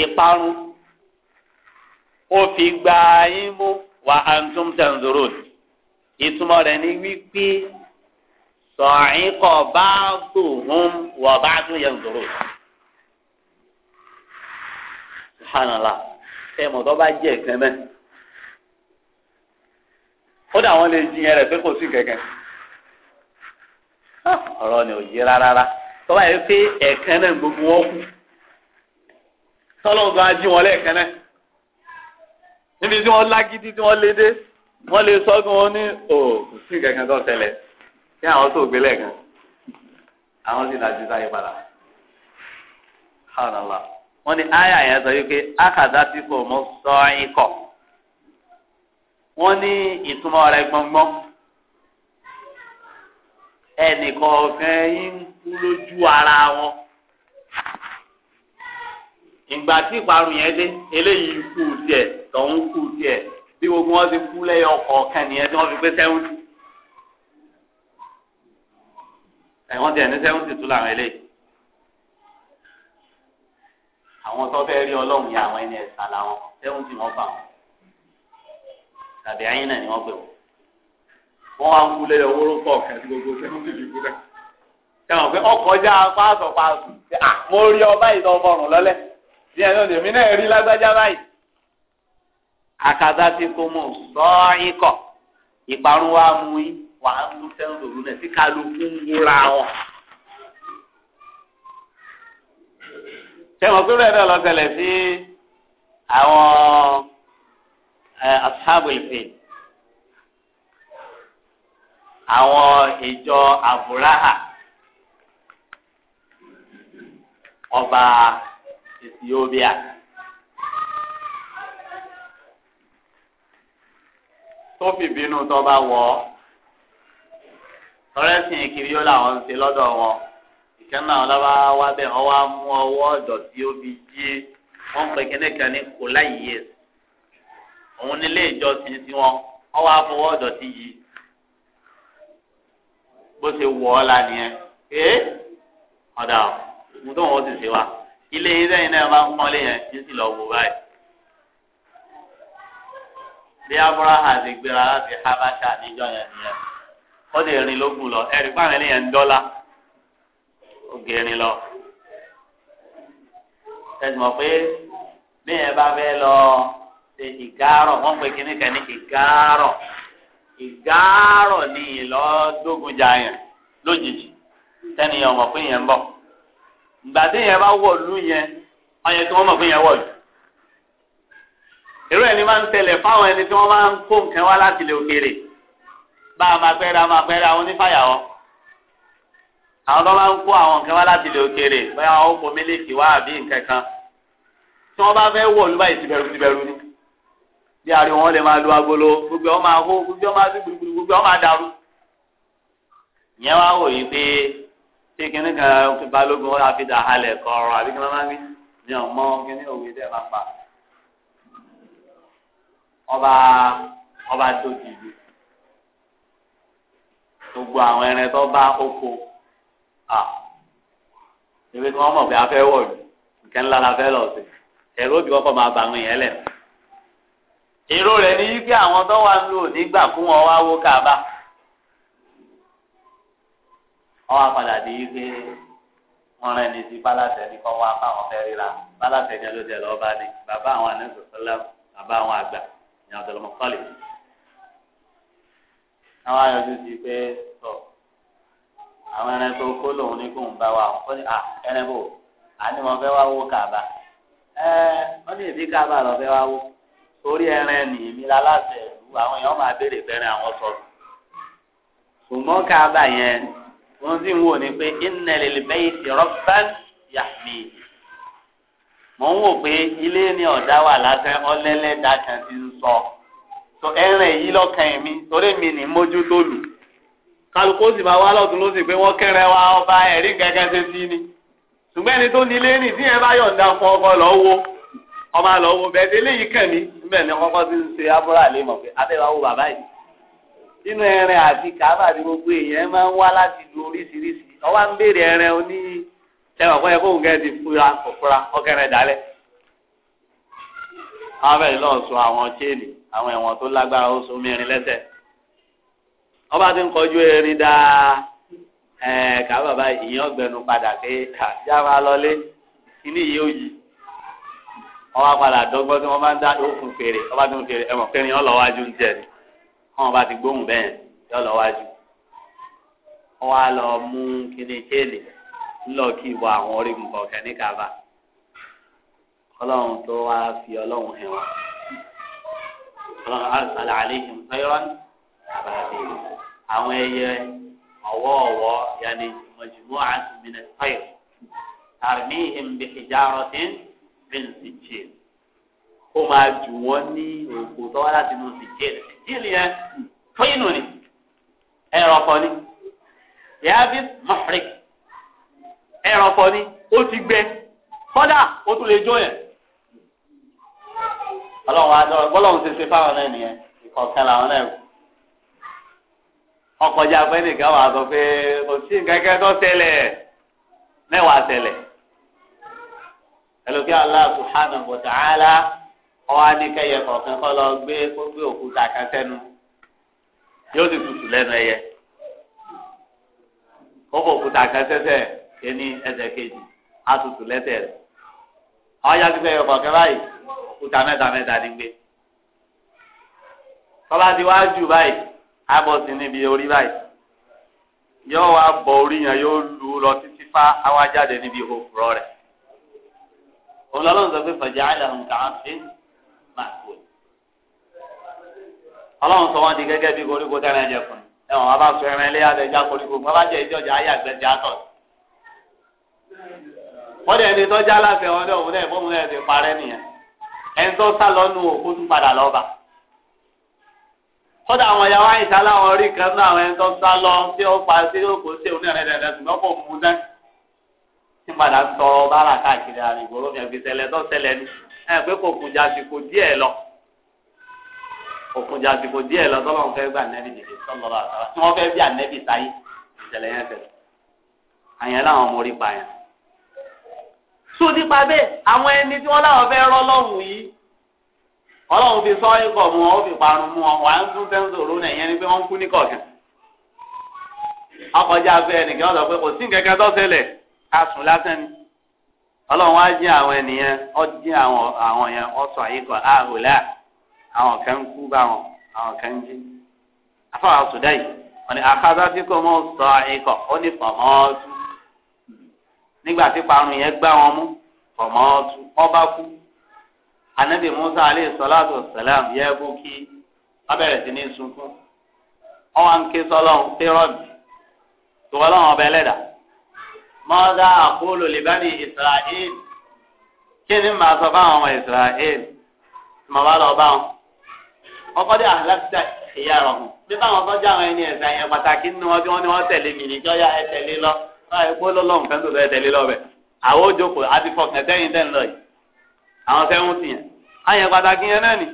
ìparun ó fi gba yín mú wà antum tanzurun ìtumọ̀ rẹ̀ ni wípé sọ̀ọ́ìkọ̀ bá gbòhùn wà bá tún yẹn zòrò. subhanallah tẹmọ tó bá jẹ ẹsẹ mẹ kódà wọn lè jiyàn rẹ pé kò sí kẹkẹ ọ̀rọ̀ ni ò yé rárá tọ́ba yẹn pé ẹ̀ẹ̀kan náà gbogbo wọn kú tọ́lọ́ gan ají wọn lẹ́ẹ̀kan náà níbi tí wọ́n lágídí tí wọ́n lédè wọ́n lè sọ fún wọn ní ò kò sí kankan tó ṣẹlẹ̀ kí àwọn tó gbé lẹ́ẹ̀kan àwọn sì dájú sáyé padà hànàlá wọ́n ní àyà yẹn sọ wípé àkàdá tí kò mú sọ ẹ̀yìn kọ̀ wọ́n ní ìtumọ̀ rẹ̀ gbọ́ngbọ́n ẹnìkọ̀ọ̀kan yín kú lójú ara wọn ìgbà tí ìparun yẹn dé eléyìí kú tiẹ̀ tọ̀hún kú tiẹ̀ bí gbogbo wọn ti kú lẹ́yìn ọkọ̀ ọ̀kan nìyẹn tí wọ́n fi pé sẹ́wọ́ntì ẹ̀wọ̀n tiẹ̀ ní sẹ́wọ́ntì tún làwọn eléyìí àwọn tó fẹ́ rí ọlọ́run yẹn àwọn ẹni ẹ̀sán làwọn sẹ́wọ́ntì wọ́n fà wọ́n tàbí ayé náà ni wọ́n pè wọ́n wọ́n wá ń wulẹ̀ owóró kọ̀ọ̀kan tí gbogbo ṣẹ́ ń tìlú kúrẹ́. ẹ̀wọ̀n pé ọkọjá paṣọ paṣọ mo rí ọba ìdánfọ̀rùn lọ́lẹ̀ ní ẹ̀rọ èmi náà rí lágbájá báyìí. àkàdá ti kó mọ̀ sọ́ọ́yìn kọ̀ ìparun wa mú yín wà á mú sẹ́ńdò lónà tí kálukú ń wúra wọn. sẹ́wọ̀n pé bẹ́ẹ̀ náà lọ sí àwọn asáàbò ìfẹ́ àwọn ìjọ aburaha ọba ethiopia tó fi bínú tó wọ tọrẹsìn kiri ó làwọn ń ṣe lọ́dọ̀ wọn ìkànnà ọlọ́wọ́ wa bẹ́ẹ̀ wá mú ọwọ́ ọ̀dọ̀ tí ó fi jí pè ní kò láyé òun nílé ìjọsìn tiwọn wá tí yìí. bó ṣe wọ̀ ọ́ la nìyẹn ee ọ̀dà ọ̀ mo tó wọn ó sì ṣe wa ilé yín sẹ́yìn náà máa ń pọ́nlé yẹn yín sì lọ wò báyìí. bí abúráhà ti gbéra láti habasha níjọ yẹn nìyẹn ó lè rìn lógun lọ ẹ̀rí pàrọ̀ ẹni yẹn ń dọ́là ó gé rìn lọ. ẹ̀sìn mọ̀ pé bí yẹn bá fẹ́ lọ ṣe ìgárọ̀ wọ́n pe kíní kan ní ìgárọ̀ ìgárọ̀ ní ìlọ́dógunjà yẹn lójijì tẹ́niyàn mọ̀ pé yẹn ń bọ̀ ìgbà tí yẹn bá wọ̀ lú yẹn ọyẹ tí wọ́n mọ̀ pé yẹn wọ̀ lù irú ẹni máa ń tẹlẹ̀ fáwọn ẹni tí wọ́n máa ń kó nǹkan wá láti ilẹ̀ òkèèrè bá a máa pẹ́ra máa pẹ́ra àwọn onífàyàwọ́ àwọn tó máa ń kó àwọn nǹkan wá láti ilẹ̀ òkèèrè báyà ó kó mílíkì wá àbí nǹkan kan tí wọ́n bá fẹ́ wọ̀ lú báyìí tìbẹ̀rù tìbẹ̀rù ni bí ariwo wọn lè máa lu agolo gbogbo ọmọ ahó gbogbo ọmọ adú gbogbo gbogbo ọmọ adarú ìyẹn wá wò yìí pé ṣé kinní kan balógun wọn àfi dà halẹ̀ kọ ọ̀rọ̀ àbí kí wọn máa ń rí ní ọmọ kinní òwe tẹ máa pa ọba ọba tó dìde gbogbo àwọn ẹran tó bá oko à ebi tí wọn mọ pé a fẹ́ wọ la fẹ́ lọ sí ẹrú òbí kọ́kọ́ máa bà àwọn èèyàn lẹ́nu èrò rẹ̀ ni wípé àwọn tó wà ń lò nígbà kún wọn wá wó káàbà wọn wá padà di wípé wọn rẹ ní sí pálásẹ ní kọ wá fáwọn fẹẹ ríra pálásẹ ní ọlọdẹ lọọ bá ní bàbá àwọn anẹsọsọlá bàbá àwọn àgbà ní abdulmọ kọlì àwọn ayọjú sí pé tọ àwọn ẹranko kó lòun ní kóun bá wa wọn ní à ẹranko àní wọn fẹẹ wá wó káàbà ẹ wọn ní ìdí káàbà lọ fẹẹ wá wó torí ẹran ẹnì mi lálàsẹ̀ ìlú àwọn èèyàn máa béèrè fẹ́ràn àwọn sọ̀rọ̀ ṣùgbọ́n káàbà yẹn wọ́n sì ń wò ní pé ìnẹ̀lẹ̀ bẹ́yì ti rọ́bán yàmì mọ̀ ń wò pé ilé ni ọ̀dá wà lásán ọlẹ́lẹ́dà kan ti ń sọ tó ẹran èyí lọ́kàn mi torí mi ní mójútó lù kálukó sì máa wá lọ́dún ló sì pé wọ́n kẹ́rẹ́ wa ọba ẹ̀rí gẹ́gẹ́ ṣe sí ni ṣùgbọ́n ẹni tó ní ilé nì ọmọ àlọ́ wo bẹ́ẹ̀ tí eléyìí kàn mí ń ṣe abúlé lè mọ̀ pé bàbá yìí nínú ẹran àti kàábà ni gbogbo èèyàn máa ń wá láti lu oríṣiríṣi ọwọ́ à ń béèrè ẹran oní yẹ kó ti fura fura ọkẹrẹ àwọn sọ àwọn chéènì àwọn ẹ̀wọ̀n tó lágbára ó mẹ́rin lẹ́sẹ̀ ọba ti ń kọjú erin dáa bàbá ìyẹn padà pé lọlé kíní wọ́n wá padà dọ́gbọ́n tí wọ́n bá ń dá òfin fèrè wọ́n bá tún fèrè ẹ̀wọ̀n fèrè yọ́n lọ́wájú ń tẹ̀ ní wọ́n bá ti gbóhùn bẹ́ẹ̀ yọ́n lọ́wájú. wọ́n wá lọ mú kíni chéèlì ńlọ kí ìwọ àwọn orí nǹkan kẹ́ ní kaba ọlọ́run tó wá fi ọlọ́run hẹ̀ wọ́n ọlọ́run alẹ́ àlejò ńlọ́yọ́rọ́ ní àwọn ẹyẹ ọwọ́ ọwọ́ yanni mọ̀jùmọ́ àti mìnẹ́tọ́yọ̀ tàbí ìhìn bìhìjà rọ̀tín bẹ́ẹ̀ sì jẹ́ ó máa jù wọ́n ní òkú tọ́wọ́ láti inú sì jẹ́ ìdílé yẹn fínù ni ẹ̀rọ kan ni yàbí mọ̀fẹ́rẹ́ ẹ̀rọ kan ni ó ti gbẹ kọ́dà ó tún lè jó yẹn ọlọ́run adọ́rọ̀ bọ́lọ́run ṣe ṣe fáwọn náà nìyẹn ìkọ̀ọ̀kan làwọn náà kù ọkọjà fẹ́ nìkan wà sọ pé kò sí nǹkan kẹ́kẹ́ tó ṣẹlẹ̀ mẹ́wàá ṣẹlẹ̀. ẹlòmí Allah subhanahu wa ta'ala ọwọ́ anikẹyẹ kọ̀ọ̀kan kọ́ lọ gbé gbé òkúta kan yóò sì tutù lẹ́nu ẹyẹ kókò òkúta kan sẹ́sẹ̀ ẹni kejì á tutù lẹ́sẹ̀ rẹ̀ àwọn báyìí òkúta ni gbé tọ́ba ti wá jù báyìí lu lọ títí fá níbi rẹ̀. ọlọ́run sọ pé fàjà àlàhùn kàáfin máa kú. ọlọ́run sọ wọn di gẹ́gẹ́ bí koríko tẹ́lẹ̀ ẹ̀jẹ̀ fún mi. ẹ̀wọ̀n wọn bá sọ ẹran ilé abẹ́jà koríko wọn bá jẹ́ ìjọba ayé àgbẹ̀jẹ̀ àtọ̀. wọ́n dẹ̀ ẹni tọ́jà aláfẹ́ wọn dẹ̀ òun náà ìbọn náà ti parẹ́ nìyẹn. ẹni tó sá lọ́nu òkú tún padà lọ́ba. kọ́dà àwọn ìyàwó àyíṣà láwọn orí kan náà àwọn ẹni tó sá lọ tí ó pa sí òkú sí òun náà rẹ̀ tí padà ń tọrọ bára káàkiri àrìgbòrò mi ẹ̀fì sẹlẹ̀ tó sẹlẹ̀ ni ẹ̀ pé kò kùn jàsìkò díẹ̀ lọ kò kùn jàsìkò díẹ̀ lọ tọ́lọ́ fẹ́ gbà nẹ́bí dìde sọ́lọ́ lọ àtàrà tí wọ́n fẹ́ bí ànẹ́bí sáyé ìṣẹ̀lẹ̀ yẹn fẹ́ àyẹn láwọn ọmọ orí pa yẹn. sùn nípa bẹ́ẹ̀ àwọn ẹni tí wọ́n láwọn fẹ́ rọ́ lọ́hùn yìí ọlọ́run fi sọ ikọ̀ mu wọn fi parun mu wọn wàá ń tún tẹ́ńsòrò náà ìyẹn ni pé wọ́n ń kú ní kọ̀ọ̀kan. ọkọ̀ jẹ́ abẹ́ ẹnìkan pé kò sí nǹkan kan tó ṣẹlẹ̀ asùn lásán ni ọlọ́run wá jí àwọn ènìyàn ọ jí àwọn àwọn yẹn ọ sọ àyíkọ àhùlà àwọn kan kú bá àwọn kan jí afáwọn àsùdá yìí wọn ni àkàbá tí kò mọ sọ àyíkọ ó ní fọmọọtú nígbà tí parun yẹn gbá wọn mú fọmọọtú ọba kú anabi musa aleyhi salatu salam yẹ bó kí abẹ́rẹ́ sí ní sunkún ọwọ́n ké sọlọ́n pé rọ́ọ̀bì tòwọ́lọ́wọ́n ọba ẹlẹ́dàá mọ́dá àkólò lè bá ní Israel kí ni màá sọ fáwọn ọmọ Israel màá bá lọ bá wọn. ọkọ dé àhàlàkìtà ìyá rọ hàn bí báwọn sọjá àwọn ẹni ẹ̀sán yẹn pàtàkì nínú wọn bí wọn ni wọn tẹ̀lé mi níjọ́ yá ẹ tẹ̀lé lọ báyìí kó lọ́lọ́run fẹ́ sọ̀tọ̀ ẹ tẹ̀lé lọ bẹ̀. àwọn òjòkó àti fọkàn tẹ́yìn tẹ́ ń lọ yìí àwọn sẹ́wọ́n ti yẹn. àyẹ̀ pàtàkì yẹn náà ni.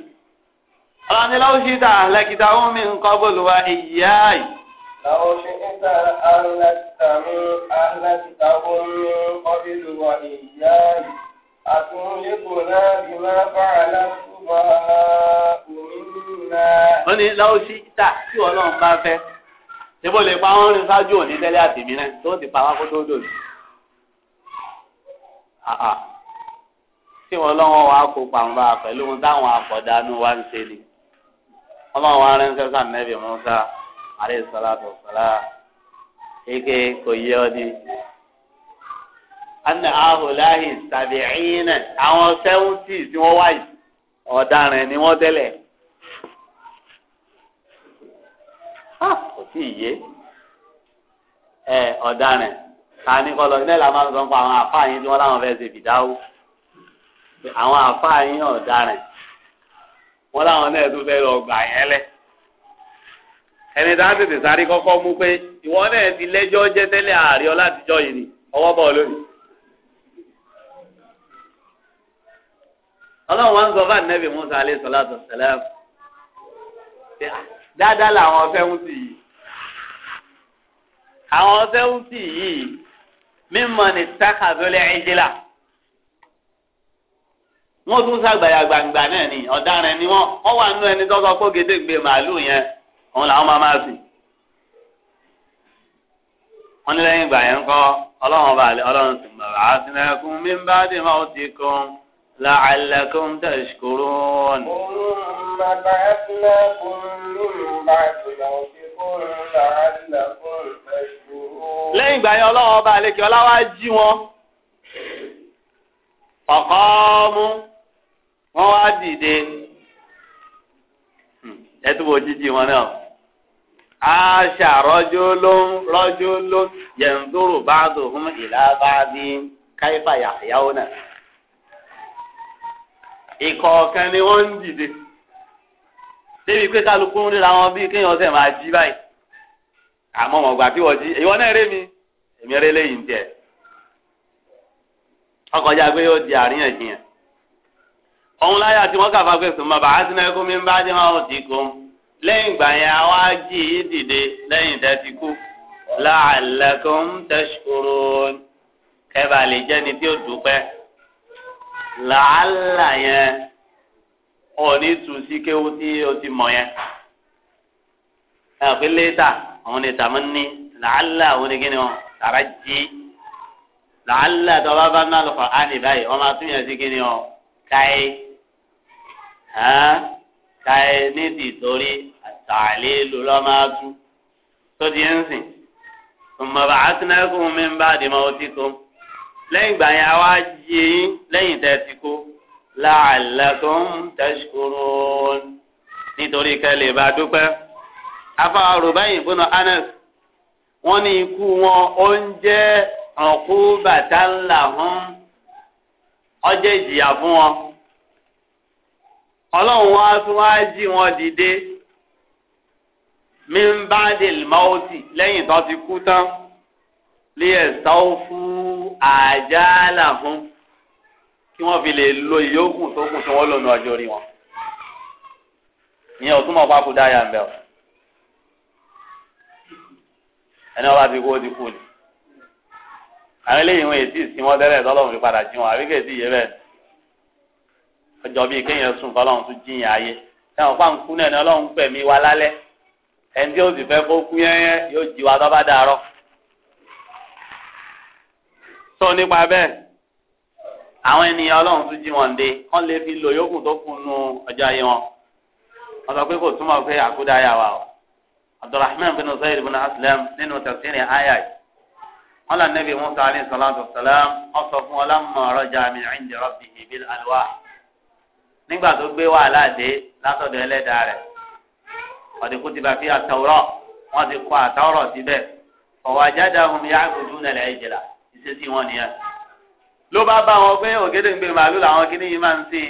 ọ̀làníláwó ṣì dá àhàlàkìtà ó mi ń bọ́ọ̀lù wa ìyá yìí. لو شئت أهلكت من أهلكتهم من قبل وإياي أتهلكنا بما فعل السفهاء منا. wọ́n ní láwọn ṣí ìta tí ọlọ́run bá fẹ́ níbo lè pa wọ́n rìn ṣáájú òní tẹ́lẹ̀ àtìmí náà tó ti pa wá kó tó dòdò. tí wọn lọ́wọ́ wa kó pàmò pẹ̀lú táwọn àkọ́dánú wa ń ṣe ni ọlọ́run wa rẹ́ ń sẹ́sà nẹ́bí mọ́sá alayhi salatu wa salam ike kò yẹ ọ ni anna ahulahi sàbẹ̀ẹ́nà àwọn sẹ́wùntì tí wọ́n wáyé ọ̀daràn ni wọ́n tẹ́lẹ̀ kò tí ì yé ẹ ọ̀daràn ta ni kọlọ ilé la máa ń sọ pé àwọn àfáàyín tí wọ́n láwọn fẹ́ẹ́ ṣe fìdáwó àwọn àfáàyín ọ̀daràn wọ́n láwọn náà tún fẹ́ẹ́ lọ gbà yẹn lẹ̀ ẹni tá a tètè sáré kọ́kọ́ mú pé ìwọ náà ti lẹ́jọ́ jẹ́ tẹ́lẹ̀ ààrẹ ọlátijọ́ yìí ni ọwọ́ bọ̀ lónìí. ọlọ́run wa ń sọ fáà nẹ́bí musa alẹ́ sọlá tó sẹlẹ̀ dáadáa làwọn sẹ́wùntì yìí àwọn sẹ́wùntì yìí mímọ ní sákàtúlẹ̀ ẹ̀jẹ̀lá wọ́n tún sàgbàyà gbàǹgbà náà ni ọ̀daràn ni wọ́n wà nínú ẹni tó sọ pé gédéǹgbè màálù yẹn òun làwọn máa máa sìn wọ́n ní lẹ́yìn ìgbà yẹn ń kọ́ ọlọ́run bá lè ọlọ́run sì mọ̀ rà á sí náà kún mí bá dì máa ó ti kún la'allakum tashkurun. lẹ́yìn ìgbà yẹn ọlọ́run ọba àlekè ọlá jí wọn ọ̀kọ́ mú wọ́n wá dìde hmm, ẹ túbọ̀ jíjí wọn náà aṣa rọ́jò ló ń rọ́jò ló ń yẹ̀ǹdúró báàdù fún ìlà báàdì káyífà yàyáwó náà. ìkọ̀ọ̀kan ni wọ́n ń dìde débi pé kálukú ń ríra wọn bíi kéèyàn ṣe máa jí báyìí àmọ́ mọ̀ gbà tí wọ́n jí ìwọ náà rẹ́ èmi rẹ́ lẹ́yìn tiẹ̀ ọkọjá pé yóò di àríyànjiyàn òun láyà tí wọ́n kà fagbẹ́sùn mọ́ bàá sínú ẹkún mi ń bá dé máa ń dì lẹ́yìn ìgbà yẹn àwọn ají yìí dìde lẹ́yìn ìdẹ́tí kú la'allakum tashkurun kẹba lè jẹ́ ni tí ó dúpẹ́ làálà yẹn òní tù sí kéwú tí o ti mọ̀ yẹn ẹ̀fín létà àwọn ni tàmánì làálà àwọn ni kíni wọn tàrà jí làálà tó bá bá náà lọ́kọ̀ áni báyìí wọ́n máa tún yẹn sí kíni wọn káyé káyé ní tìtorí tààlé ló lọ́ máa tú tó di ẹ̀ ń sìn ọmọọba àtúnákùn mi ń bá àdìmọ́ ọtí kó lẹ́yìn ìgbà yẹn wá jí eyín lẹ́yìn tẹ́ ti kó la'allakum tashkurun nítorí kẹ́lẹ́ bá dúpẹ́ afáwọn Rubai ibn Anas wọ́n ní ikú wọn ó ń jẹ́ ọ̀kú bàtà ńlá hàn ọjọ́ ìjìyà fún wọn ọlọ́run wá tún wá jí wọn dìde min ba'dil mauti lẹ́yìn tó ti kú tán lè sáwó fún àjálà fún kí wọ́n fi lè lo ìyókù tó kù tí wọ́n lò ní ọjọ́ orí wọn ìyẹn ò túmọ̀ pákó dáyà ń bẹ̀ ọ́ ẹni wọn bá ti kú ó ti kú ni àwọn eléyìí wọn èsì sí wọn tẹ́lẹ̀ tọ́lọ́run fi padà jí wọn àbí kèsì yé bẹ́ẹ̀ ọjọ́ bíi kéèyàn sùn kọ́lọ́run tún jíyàn ayé táwọn pa ń kú náà ni ọlọ́run pẹ̀mí wa lálẹ́ ẹni tí ó sì fẹ́ kó kú yẹn yóò jí wa tó bá sọ nípa bẹ́ẹ̀ àwọn ènìyàn ọlọ́run tún jí wọn dé wọ́n lè fi lo yòókù tó kún nu ọjọ́ ayé wọn. wọ́n sọ pé kò túmọ̀ pé wa o. abdulrahman bin zayed bin aslam nínú tafsiri ayà yìí. wọ́n là nẹ́bí musa alayhi salatu salam wọ́n sọ fún ọlọ́mọ ọ̀rọ̀jà mi ti kutiba fi àtàwọrọ wọ́n ti kọ àtàwọrọ síbẹ̀ ọwọ ajáda ohun ya àgùdù nàlẹ ìjìlá ìṣesí wọn nìyẹn ló bá bá wọn pé ògèdèǹgbè màálù làwọn kìíní yìí máa ń sìn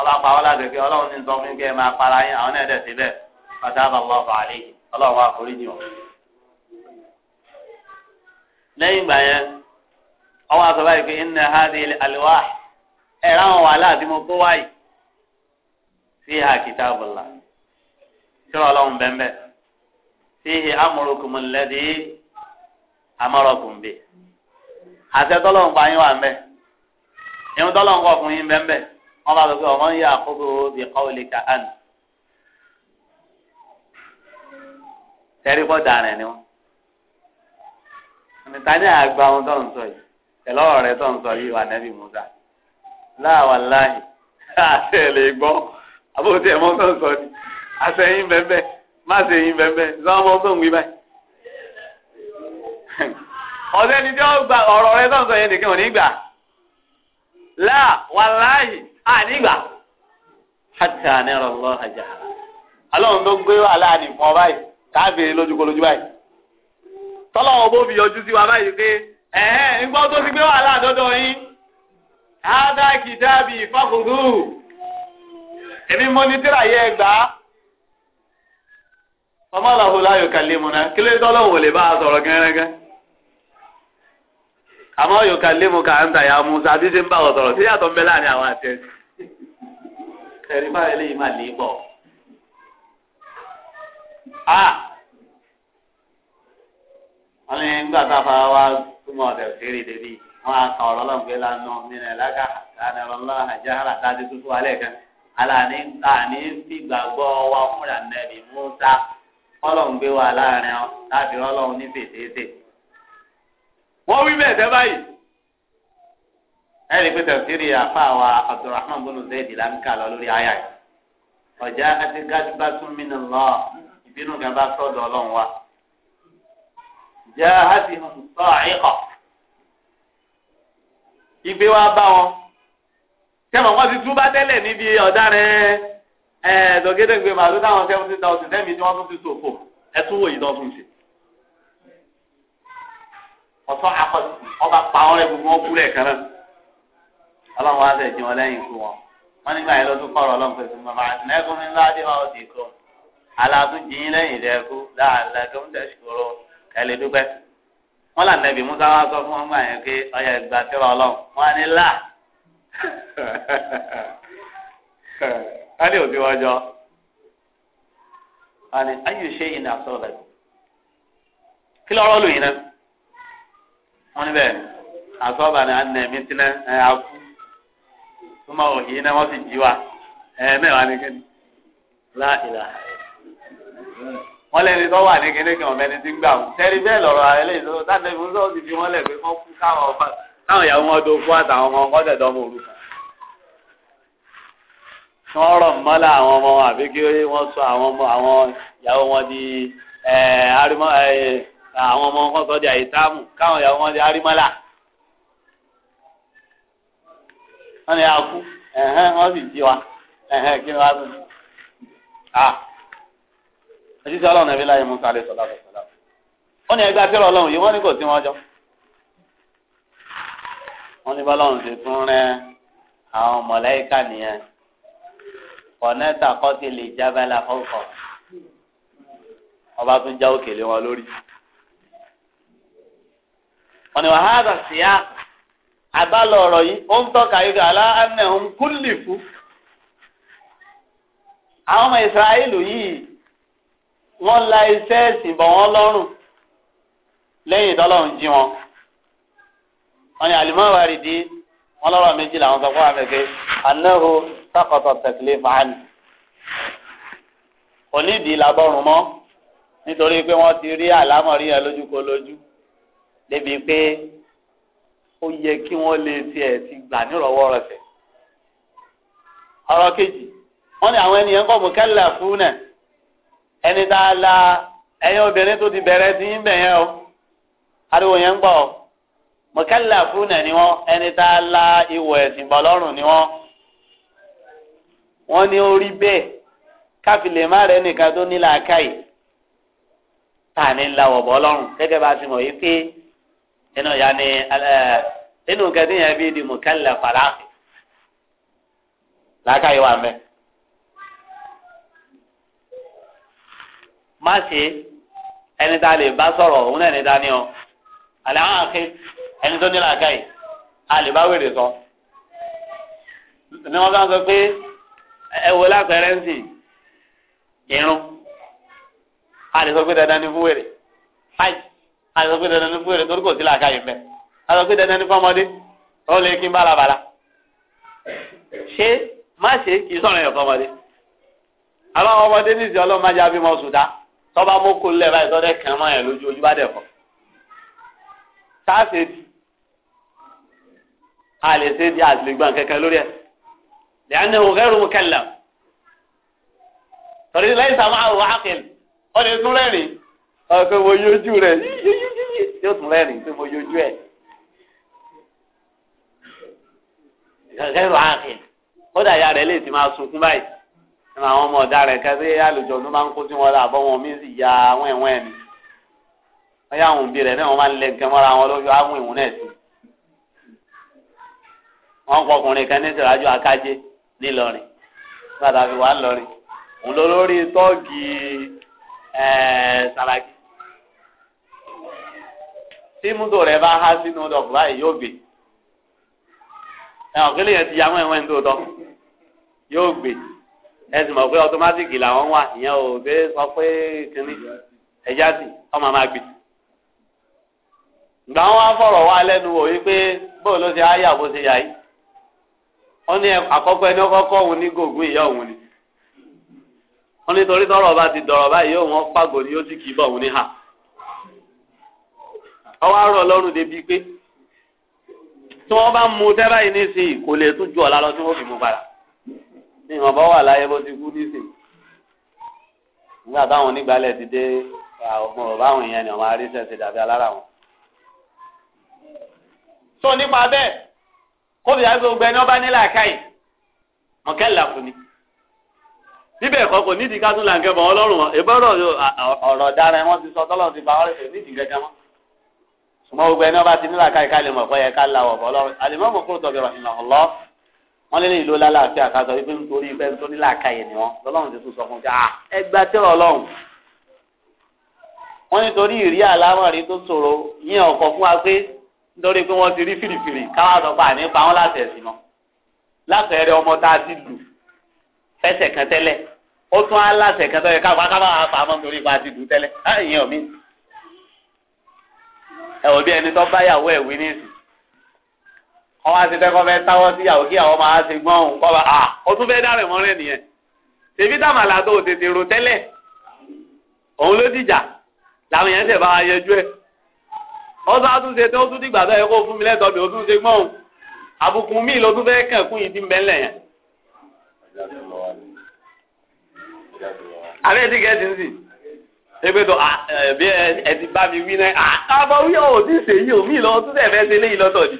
ọba pa wọn láti pé Ọlọ́run ní sọ fún kí ẹ máa para yín àwọn síbẹ̀ Ọlọ́run wa ẹ̀rọ àwọn wàhálà àti mo kó wáyé fi hà kitabullah sọ̀rọ̀ ọlọ́run bẹ́ẹ̀ fihi amúrukùmù lẹ́dí amárọ̀kùn bẹ́ẹ̀ àṣẹ tọ́lọ́run pa yín wà ń bẹ́ẹ̀ ìhun tọ́lọ́run kọ̀ fún yín bẹ́ẹ̀ bẹ́ẹ̀ wọ́n bá sọ pé ọmọ ń yà àkókò bí kọ́wìlì ká àná. tẹ́rí kọ́ dàrẹ̀ ni wọ́n. àgbà ohun tó ń sọ yìí tẹ̀lọ́rọ̀ rẹ tó ń sọ yìí wà nẹ́bí Musa. láàwà láàyè àti ẹ̀ lè gbọ́ àbótí ẹ̀ mọ́tò sọ ni àtẹ̀yìn bẹ́ẹ̀ má ṣe yín bẹ́ẹ̀ sọ́mọ́ mọ́tò ń báyìí. ọ̀sẹ̀ ni tí wọ́n gba ọ̀rọ̀ rẹ yẹn nìkan ò ní gbà lọ́ àjà tó gbé wà láàánì fún ọ báyìí káàbìrì lójúkolójú báyìí tọ́lọ́wọ́ bó fi yọjú sí wa báyìí pé ẹ̀ẹ́ tó ti gbé wà yín. ada kìtàbí fàkùdù èmi mo ní tíra yẹ gbà ọmọ làwọn láyò kàlẹ́ mu náà kílẹ̀ tọ́lọ̀ wò lè bá a sọ̀rọ̀ gẹ́gẹ́ àmọ́ mu kà ya musa ń bá sọ̀rọ̀ yàtọ̀ ń bẹ láàrin àwọn àti ẹ̀ ẹ̀rí bá lè bọ̀ a wọ́n ní gbàtà wa túmọ̀ wọn a kà ọ̀rọ̀ lọ́nà pé lánà ka ẹ̀láka àti ọlọ́lá àjẹ́ àràtà ti tuntun alẹ́ kan aláàní na fìgbàgbọ́ wa fúnra nẹ́ẹ̀mí Musa ọlọ́run gbé wa láàrin ọ láti rọ́lọ́run n'i fètètè. wọ́n wí bẹ́ẹ̀ tẹ́ báyìí. ẹ̀rí àfa wa Abdulrahman zayidi la ń kà lọ lórí yìí. àti tún mí lọ ìbínú bá sọ̀dọ̀ ọlọ́run wa. jẹ́ àti sọ ìgbé wa bá wọn tẹmọ wọn ti túbá tẹ́lẹ̀ níbi ọ̀daràn ẹ dọgẹdẹ gbé táwọn seventeen thousand tẹmí tí wọn tún ti ṣòfò ẹ tún wòye tó tún ṣe ọtọ akọsí ọba pa ọ̀rẹ́ gbogbo wọn kúrẹ kan náà Ọlọ́run wa sẹ jẹun lẹ́yìn ikú wọn wọn nígbà yẹn lọdún kọrọ Ọlọ́run pẹ̀lú mọmọ àtìlẹkùn ní ńlá dé wa ó ti kọ alátúnjì lẹ́yìn ìdẹkù dáadáa kẹmíntẹsì kúrò kẹlẹ wọn là nẹbi musa wa sọ fún ọgbà yẹn pé ọyà ìgbà tẹrọ Ọlọ́run wọn ni là wọn ha òbí wọn jọ ha ayé ṣe ìnà sọ̀rọ̀ kí lọrọ lóyìn náà wọn ni bẹ́ẹ̀ àsọba ni anẹ mi ti nẹ ẹ akú ha máa yìí náà wọn sì jí wa ẹ mẹwàá ni kí wọn lẹ́ni tó wà ní kíní kan ti ń gbà wọ́n tẹ́lí bẹ́ẹ̀ lọ́rọ̀ ààrẹ lè sọ ti fi wọ́n lẹ̀ pé wọ́n kú káwọn ọba káwọn ìyàwó wọn tó àtàwọn ọmọ wọn tẹ̀ dánwó tí àwọn ọmọ wọn àbí kí sọ àwọn ọmọ àwọn ìyàwó wọn di àwọn ẹtí tí ọlọ́run ẹbí láyé musa alẹ́ sọlá sọlá ó ní ẹgbẹ́ akérò ọlọ́run yìí wọ́n ní kò sí wọn jọ wọ́n ní bọ́lọ́run ti tún rẹ àwọn mọ̀lẹ́kà nìyẹn kọ̀nẹ́tà kọ́tì lè jábẹ́lá fọ́fọ́ ọba tún já òkèlè wọn lórí wọ́n ní wàhálà síyá àbálọ̀ ọ̀rọ̀ yìí ó ń tọ́ka ibi àlá ẹnẹ̀ ń kúlì fún àwọn ọmọ ìsirahílù wọ́n la iṣẹ́ ẹ̀sìn bọ̀ wọ́n lọ́rùn lẹ́yìn tọ́lọ́run jí wọn. wọ́n ní àlùmọ́ wa rìdí wọ́n lọ́rọ̀ méjì làwọn sọ fún àmẹ́fẹ́ anáhó sákọ̀tọ̀ tẹ̀sílẹ̀ fàánì. onídìí labọ́rùn mọ́ nítorí pé wọ́n ti rí àlámọ̀rí yẹn lójú kó lójú débi pé ó yẹ kí wọ́n lè tiẹ̀ ti gbà nírọ̀wọ́ rẹ̀ fẹ̀. ọ̀rọ̀ kejì wọ́n ní àwọn ènìyàn kọ́ mú kẹ́lẹ́ fún náà ẹni tá a la ẹyin obìnrin tó ti bẹ̀rẹ̀ sí ń bẹ̀yẹn o ariwo yẹn ń gbọ́ mọ̀kálà fúnà ni wọ́n ẹni tá a la ìwọ̀ ẹ̀sìn bọ̀ lọ́rùn ni wọ́n wọ́n ní orí bẹ́ẹ̀ káfílẹ̀ má rẹ̀ nìkan tó ní làákàyè tá a ní la wọ̀ bọ̀ lọ́rùn gẹ́gẹ́ bá a ti mọ̀ yìí pé inú ya ni inú kẹ́tí yẹn bí di mọ̀kálà fàlàfẹ́ làákàyè wà mẹ́ẹ̀. má ṣe ẹni tá a lè bá sọ̀rọ̀ òun náà ní dání ọ àlẹ́ àwọn àké ẹni tó nílò àká yìí a lè bá wèrè sọ ní wọ́n bá ń sọ pé ẹ wo lápẹẹrẹ ń sìn irun a lè sọ pé dandan ní fún wèrè hajj a lè sọ pé dandan ní fún wèrè torí kò sí làákà yìí a lè sọ pé dandan ní fún ọmọdé ó lè kí n bálabàla ṣé má ṣe kì í sọ̀rọ̀ yẹn fún ọmọdé àwọn ọmọdé ní ìsìn ọlọ́run má jẹ́ abímọ sùdá tọ́ba mọ́kò ńlẹ̀ báyìí tọ́dẹ̀ kàn máa yẹn lójú ojú bá dẹ̀ fọ́. sáàsì ti a lè ṣe di àtìlẹ́gbọ̀n kankan lórí ẹ̀ lẹ́yìn òun rẹ́rù mú kẹlẹ̀ torí lẹ́yìn sàmú àwọn àkẹ́l ọ lè tún rẹ́rìn ọ̀pẹ̀ mo yójú rẹ̀ yóò tún rẹ́rìn pé mo yójú ẹ̀ rẹ́rù àkẹ́l ó ya rẹ̀ lè ti máa sunkún báyìí. nínú àwọn ọmọ ọ̀dà rẹ̀ kẹ́sí àlùjọ ló máa ń kó sí wọn láàbọ̀ wọn mí sì ya wẹ́wẹ́ ni wọ́n yá àwọn òbí rẹ̀ náà wọ́n máa ń lẹ nǹkan mọ́ra wọn àwọn ìwọ̀n náà sí. wọ́n kọ ọkùnrin kan ní ìsìnrájú akájé ńìlọrin gbàdá fi wà ńlọrin òun ló lórí tọ́ọ̀gì tí mútò bá há sínú báyìí yóò ẹ̀ ọ̀kẹ́lẹ̀ yẹn ti ya ẹ sì mọ̀ pé ọtọmátìkì làwọn wà ìyẹn ò ṣe sọ pé kínní ẹja sì ọmọ máa gbèsè. ìgbà wọn wá fọ̀rọ̀ wá lẹ́nu wò pé bóun ló ṣe áyà bó ṣe yà yìí. wọ́n ní ẹni ọkọ́kọ́ òun ní gògùn ìyá òun ni. wọ́n ní torí ọba ti dọ̀rọ̀ báyìí yóò wọ́n pàgò ní sì kì í bọ̀ òun ní hà. ọwọ́ àárọ̀ débi pé tí wọ́n bá mú tẹ́ báyìí bí ìwọ̀n bá wà láyé bó ti kú nísìnyí nígbà táwọn onígbàlẹ̀ ti dé ọmọ bàbá àwọn èèyàn ni ọmọ aríṣẹ́ ṣe dàbí alára wọn. tó nípa bẹ́ẹ̀ kóbi àgbẹ̀ ògbẹ́ ni wọ́n bá nílẹ̀ àkáì mọ̀kẹ́lá fún ni síbẹ̀ kọ́ kò nídìí ká tún làǹkẹ́ bọ̀ ọlọ́run ìbọ̀rọ̀ ọ̀rọ̀ dára wọn ti sọ tọ́lọ̀ ti bá ọ̀rẹ́ fẹ̀ nídìí gẹ́gẹ́ mọ́ ṣùgbọ́n gbogbo ẹni ọba ti nílà káyìí ká lè mọ̀ kọ́ yẹ ká la wọ̀ ọlọ́run àlèmọ́ wọ́n lé ní ìlú lálàáfíà ká sọ wípé nítorí ìfẹ́ nítorí làákàyè ni wọ́n lọ́lọ́run ti tún sọ fún un pé à ah, ẹ gba tẹ́lọ̀ ọlọ́run wọ́n nítorí ìrí àlámọ̀rí tó ṣòro yín ọ̀kọ̀ fún wa pé nítorí pé wọ́n ti rí fìrìfìrì káwá sọ pé ànípa wọn láti ẹ̀sìn mọ́ látẹ̀rẹ ọmọ tá a ti lù fẹsẹ̀ kan tẹ́lẹ̀ ó tún á láṣẹ kan tẹ́lẹ̀ káwá káwá àfa àmọ́ nítorí ipa ti lù tẹ́lẹ̀ á ìyẹn ò mí ẹ̀ wò bí ẹni tó báyàwó ẹ̀ wí ní ìsìn ọmọ àti tẹ́kọ̀ fẹ́ táwọ́ sí ìyàwó kí àwọn máa ṣe gbọ́n òun kọ́ba ah, à ó tún fẹ́ dárẹ̀ mọ́rẹ́ nìyẹn ṣèbí dàmàlà tó tètè rò tẹ́lẹ̀ òun ló dìjà làwọn yẹn ṣẹ̀ bá wa yẹjú ẹ̀ ó tún àtúnṣe tó tún dìgbà tó yẹ kó fún mi lẹ́tọ̀ọ́ bí ó tún ṣe gbọ́n òun àbùkù míì ló tún fẹ́ kàn kún yìí ti ń bẹ́ńlẹ̀ yẹn. àbẹ́ ti gẹ̀ẹ́sì ń sìn ebe tó ah, ẹbí ẹ ti bá mi wí náà àbọ̀ ah, wí ọ̀ ò tí ì ṣèyí ò tún tẹ̀ fẹ́ ṣe léyìí lọ́tọ̀ ni.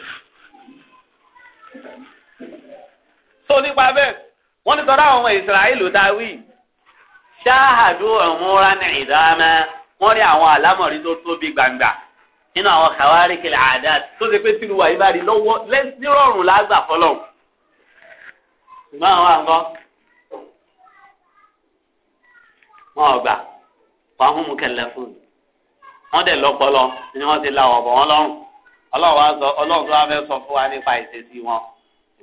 tó nípa bẹ́ẹ̀ wọ́n ti sọ́dọ̀ àwọn ìsirahílù dáwì ṣáàdù ọ̀múra ní ìdáná wọ́n rí àwọn àlámọ̀rí tó tóbi gbangba nínú àwọn kàwárí kìlẹ̀ àdá tó ṣe pé tìlú wàyí bá rí lọ́wọ́ nírọ̀rùn lágbà fọlọ́ ṣùgbọ́n àwọn àǹkọ́ wọn ọgbà wọn ahùn mú kẹlẹ fún un wọn dẹ̀ lọ́pọlọ ni wọ́n ti la ọ̀bọ̀ wọn lọ́rùn ọlọ́run tó wá fẹ́ sọ fún wa nípa ìṣesí wọn.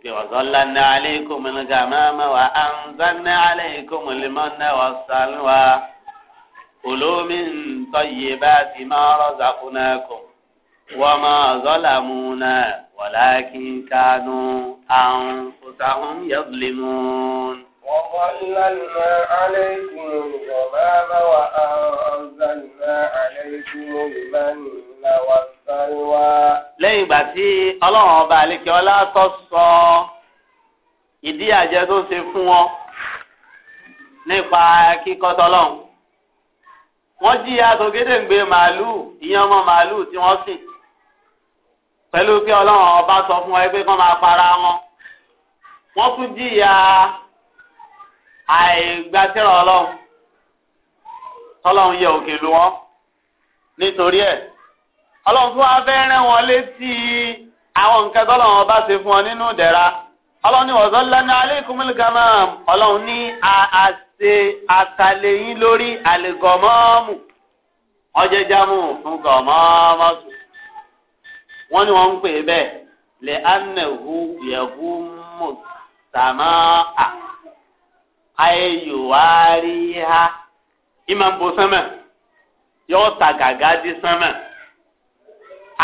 وظللنا عليكم الغمام وأنزلنا عليكم المن والسلوى كلوا من طيبات ما رزقناكم وما ظلمونا ولكن كانوا أنفسهم يظلمون وظللنا عليكم الغمام وأنزلنا عليكم المن والسلوى lẹ́yìn ìgbà tí ọlọ́run ọba àlekè ọlá tó sọ ìdí àjẹ tó ṣe fún wọn nípa kíkọ́ tọ́lọ́run wọ́n jìyà tó gédéǹgbé màálùú ìyẹn ọmọ màálùú tí wọ́n sìn pẹ̀lú pé ọlọ́run ọba sọ fún ẹ pé kán máa para wọn wọ́n tún jìyà àìgbàsẹ́rọ̀ ọlọ́run tọ́lọ́run yẹ òkè lù wọ́n nítorí ẹ̀ ọlọ́run fún wa fẹ́ rán wọn létí àwọn nǹkan tó lọ́wọ́ bá ṣe fún ọ nínú ìdẹ̀ra ọlọ́run ní wọ̀zọ́ lẹ́nu aleikumul gamam ọlọ́run ní àṣe àtàlẹ́yìn lórí àlẹ́gọ̀mọ́ọ̀mù ọjẹ́jámù fún gọ̀mọ́ọ̀mọ́sù wọ́n ní wọ́n ń pè bẹ́ẹ̀ lè anahu yẹ̀hu mùsàmáà ayéyòwárí ha ìmọ̀ nbọ sẹ́mẹ̀ yọ ta gàgá dí sẹ́mẹ̀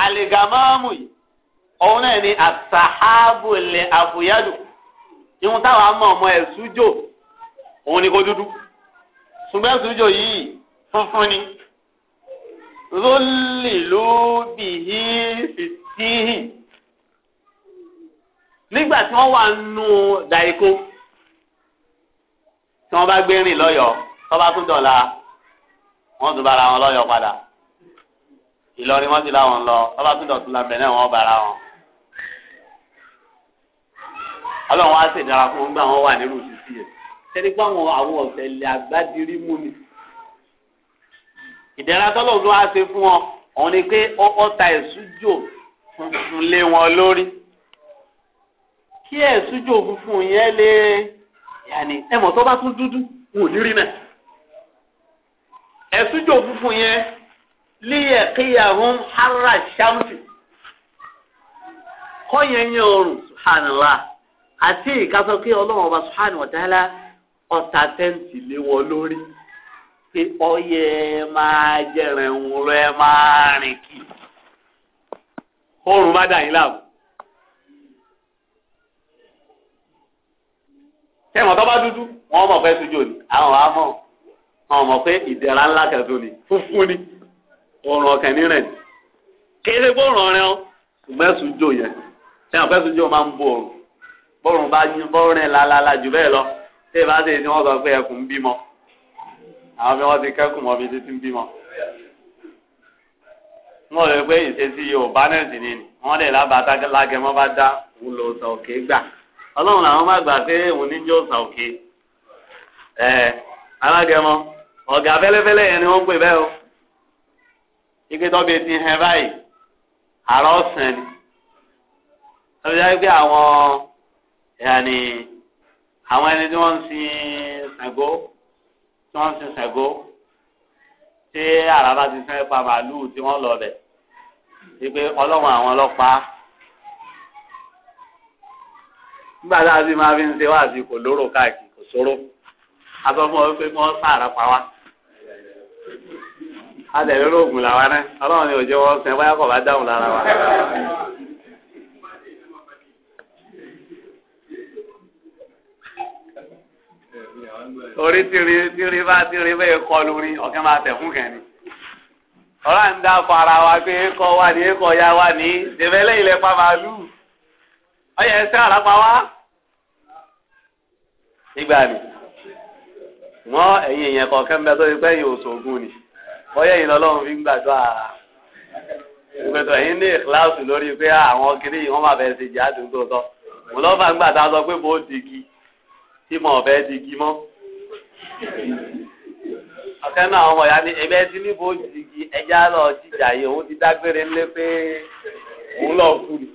àlìgàmáàmù yìí òun náà ni àsàhábù lè àbúyádù ìhun táwọn àmọ́ ọmọ ẹ̀sùjò òun ni kò dúdú ṣùgbọ́n ẹ̀sùjò yìí funfun ni lólì ló bì í fìtíhì nígbà tí wọ́n wà nù dàíkó tí wọ́n bá gbé rìn lọ́yọ̀ọ́ tọ́ba tún dọ̀la wọ́n tún bára wọn lọ́yọ̀ọ́ padà. Ìlọrin wọn ti láwọn lọ ọba tó dọ̀tún la bẹ̀rẹ̀ wọn bára wọn. Ọlọ́run wá sì dára fún gbà wọn wà nírú títí yẹn sẹ́ni pé àwọn àwọn ọ̀sẹ̀ lè àgbádìrí mú mi. Ìdẹ̀ra tọ́lọ̀ tó wá ṣe fún wọn òun ni pé ọta ìsújò funfun lé wọn lórí kí ẹ̀sújò funfun yẹn lè yàní ẹ̀mọ̀ tó bá tún dúdú wò ní rí náà ẹ̀sújò funfun yẹn liyẹkiyahun hara shamsi kọyẹnyẹ oorun subhanallah àti ìkásọ kí ọlọ́run ọba subhanahu wa ta'ala ọ̀tá tẹ́ǹtì lé wọ lórí pé ọyẹ máa jẹrẹ ń rẹ máa rìn kì oorun má dà yín láàbù. tẹ̀wọ̀n tó bá dúdú wọ́n mọ̀ fẹ́ sojú òní àwọn àmọ́ wọn pé ìdẹ̀ra ńlá kan tó ní fúnfún ni oorun ọkàn nírẹ̀ ni kéde gbóòrùn ọ̀rẹ́ ọ ṣùgbọ́n ẹ̀sùn jò yẹn ṣé àwọn ẹ̀sùn jò máa ń bo oorun bọ́ọ̀rùn bá yín bọ́ọ̀rìn lálálá jù bẹ́ẹ̀ lọ ṣé ìbá ṣe ni wọ́n sọ pé ẹkùn ń bímọ àwọn bí wọ́n ti kẹ́kùn mọ́ bí títí ń bímọ. wọ́n rẹ̀ pé ìṣesí yorùbá náà sì ni wọ́n lè lábàtà lágẹmọ́ bá dá òun lò sọ òkè gbà ọlọ́run làwọn má gbà pé òun ní jọ́ sọ òkè ẹ̀ alágẹmọ́ ọ̀gá fẹ́lẹ́fẹ́lẹ́ yẹn ni wọ́n pè bẹ́ẹ̀ o ike tó bẹ ti hẹn báyìí àrà ọ̀sán ni lọ́dọ̀ yá pé àwọn yàní àwọn ẹni tí wọ́n ń sin Ṣàngó tí wọ́n ń sin Ṣàngó tí àrà bá ti sẹ́ pa màálùú tí wọ́n lọ bẹ̀ ipe ọlọ́run àwọn ọlọ́pàá nígbà tá a sì máa fi ń ṣe wá sí kò lóró káàkiri kò sóró a sọ fún ọ pé wọ́n sàrà pa wá. adẹ̀rẹ́ lóògùn làwa náà ọlọ́run ni òjò wọn sẹ́ báyà bá dáhùn lára wa. orí bá tìrì kọlu rí ọ̀kẹ́ máa tẹ̀ fún kẹ́ni. ọ̀rọ̀ ń dá ara wa pé ekọ̀ wà ní ya bọ́yá yìí lọ́lọ́run fi ń gbàdúrà ìgbẹ́tọ̀ yìí ní ìkíláàsì lórí pé àwọn kiri yìí wọ́n máa fẹ́ ṣe jẹ́ àdúgbò tọ́ mo lọ́ fà ń sọ pé mo digi tí mo fẹ́ digi mọ́ ọ̀kẹ́ náà àwọn ọmọ ìyá ni ẹgbẹ́ tí níbo digi ẹja lọ jíjà yìí òun ti dágbére ńlé pé òun lọ kú ni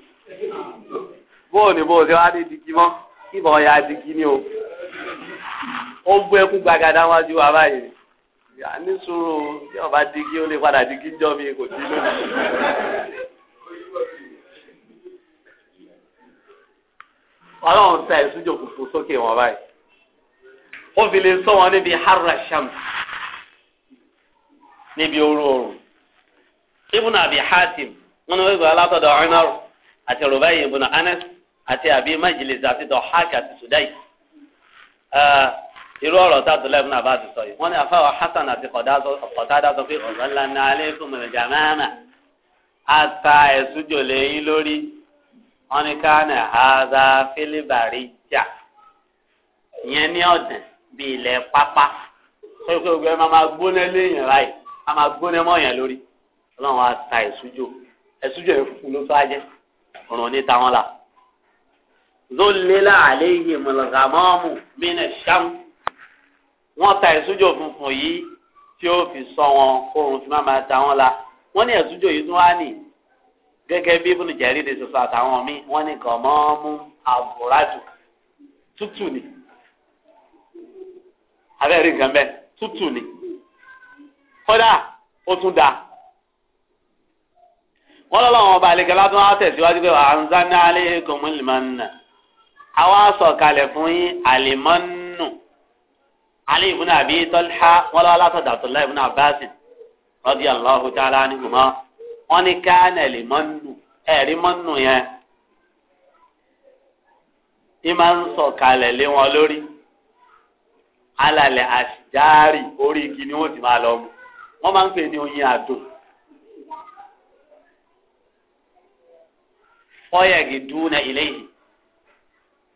bóò ní bóò ṣe wá ní digi mọ́ kí mo ya digi ni o ó gbé ẹkú gbagada wájú wa báyìí. yà ní sùúrù bí ọba digi ó lè padà digi jọ mi kò sí lónìí. ọlọ́run ta sókè wọn báyìí ó fi lè sọ wọn níbi harra sham níbi ibùnà àbí hatim wọn ni wọn àti ibùnà anas àti àbí májèlè àti irú ọ̀rọ̀ tá a tó lẹ́bùn àbá ti sọ yìí wọ́n ní afáwọ̀ hasan àti kọ̀tádà sọ pé ọ̀sán ńlá ní alẹ́ fún mọ̀lẹ́ jàmáàmà ata ẹ̀sùjò lẹ́yìn lórí wọ́n ní káàní àza fílíbàrí jà ìyẹn ní ọ̀dàn bí ilẹ̀ pápá sọ pé ogun ẹ máa máa gbóná léyìn ráì máa máa gbóná mọ́ yẹn lórí ọlọ́run ata ẹ̀sùjò ẹ̀sùjò yẹn fúnfun ló ajẹ́ ọ̀run ní táwọn là zó lélà àléyìn mọ̀lẹ́gàmọ́ọ̀mù mí wọ́n ta ìsújò funfun yìí tí ó fi sọ wọn kóòrùn fi máa máa ta wọn la wọ́n ní ìsújò yìí tún wá nì gẹ́gẹ́ bí ibùdó jẹrí ní sọsọ àtàwọn míì wọ́n ní kàn mọ mú àbúrádù tútù ni abẹ́rẹ́ nǹkan bẹ́ẹ̀ tútù ni kódà ó tún da wọ́n lọ́wọ́ àwọn ọba àlekẹ́ látún wá tẹ̀síwájú pé àǹzánálẹ́ kòmùlìmọ́nà àwa sọ̀kalẹ̀ fún yín àlìmọ́nù Ali ibn Abi Talha wọn lọ́wọ́ látọ̀dà Abdullahi ibn Abbas radiyallahu ta'ala anhuma wọn ní kánẹ̀lì mọ́nù ẹ̀rí mọ́nù yẹn ní máa ń sọ̀kalẹ̀ lé wọn lórí alalẹ̀ àṣìjáàrì orí igi ni wọ́n ti lọ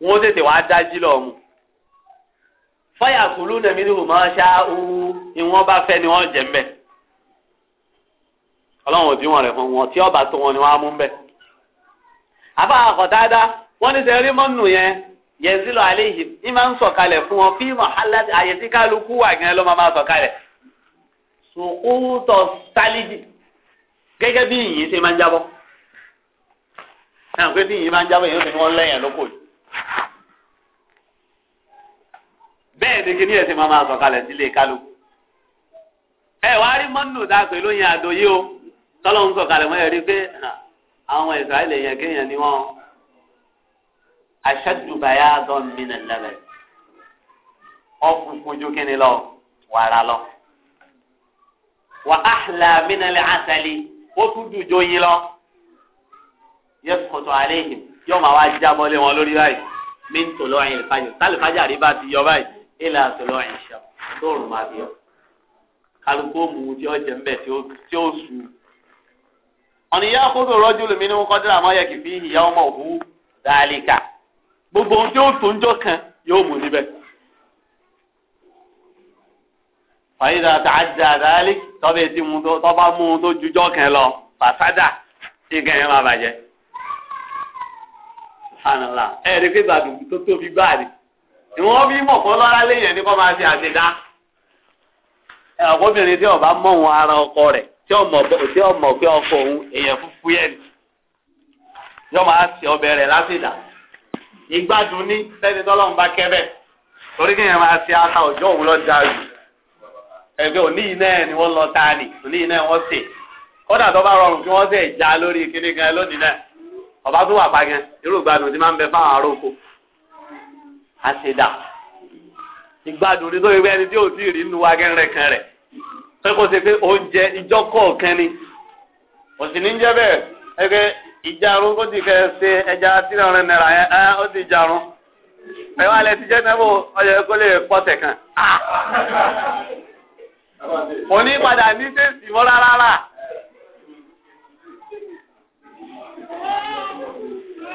wọ́n tètè wá fọyà kùlù nàmi ni wòmọ ṣáú ìwọn bá fẹ́ ni wọn jẹ mbẹ Ọlọ́run òbí wọn rẹ fún wọn tí ọba tó wọn ni wọn á mú mbẹ. àbá àkọ́dáadá wọ́n ní sẹ́rí mọ́nù yẹn yẹ̀nsílọ̀ àléhì ní máa ń sọ̀kalẹ̀ fún wọn fíìmù aláàdì àyètí kálukú wà gẹ́gẹ́ ló máa sọ̀kalẹ̀ sòkútọ̀ sálídì gẹ́gẹ́ bí ìyìn ṣe máa ń jábọ̀ ẹ̀ ń pẹ́ ìyìn máa ń jábọ̀ èèyàn fi bẹ́ẹ̀ ni kíní ẹ̀sìn máa máa sọ̀kalẹ̀ sílé kálukú. ẹ wá rí mọ́nù tá a pè lóyìn àdó yìí o tọ́lọ́hún sọ̀kalẹ̀ wọ́n rí pé àwọn ìsirayẹlẹ yẹn kéèyàn ni wọ́n aṣáájúbáyá dán mí nà lẹ́bẹ̀ ọ̀fun fojú kíni lọ wàrà lọ wà áhìlá mí nà àtàlẹ́ ó tún dùjọ yín lọ yẹ kọ̀tọ̀ àlẹ́ yìí yọ̀ọ́ máa wá jábọ́lé wọn lórí báyìí mí ń tò lọ́yìn ìfàyè tálífàjà rí bá ti yọ báyìí. ilà àtọ̀lọ́ ìṣà lóòrùn máa bí ọ. kálukú òmù tí ó jẹ mbẹ tí ó sù. ọ kóso rọ́jú lèmi ní wọn kọ́dúrà máa yẹ kì fi ìyá ọmọ òhú dáálíkà. gbogbo ohun tí ó tó ń jọ kan yóò mú níbẹ̀. fàyídà tààjà dáálí tọ́bẹ̀ tí bá mú un tó kan lọ fàṣádà tí kan yẹn máa bàjẹ́. ẹ̀ẹ́dẹ́gbẹ́ tó tóbi ìwọ́n bí mọ̀ kọ́ lọ́ra léèyàn ní kọ́ máa ṣe àṣedá. ẹ tí ọba mọ ara ọkọ rẹ̀ tí ọmọ pé ọkọ òun èèyàn yẹn ni máa ṣe ọbẹ̀ rẹ̀ ìgbádùn ní sẹ́ni tọ́lọ́run bá torí kí máa ṣe ata ọjọ́ òun jù. òní bá rọrùn kí wọ́n sẹ̀ já lórí kíní àṣìdá ìgbádùn ní tó pé ẹni tí ò tí rí nu agẹ́rẹ́ kan rẹ̀ pé kó ṣe pé oúnjẹ ìjọ kọ̀ọ̀kan ni ní jẹ́ bẹ́ẹ̀ ẹgbẹ́ ìjarun kó ti fẹ́ ṣe ẹja three hundred yẹn ẹ ó pẹ̀lú alẹ́ ti jẹ́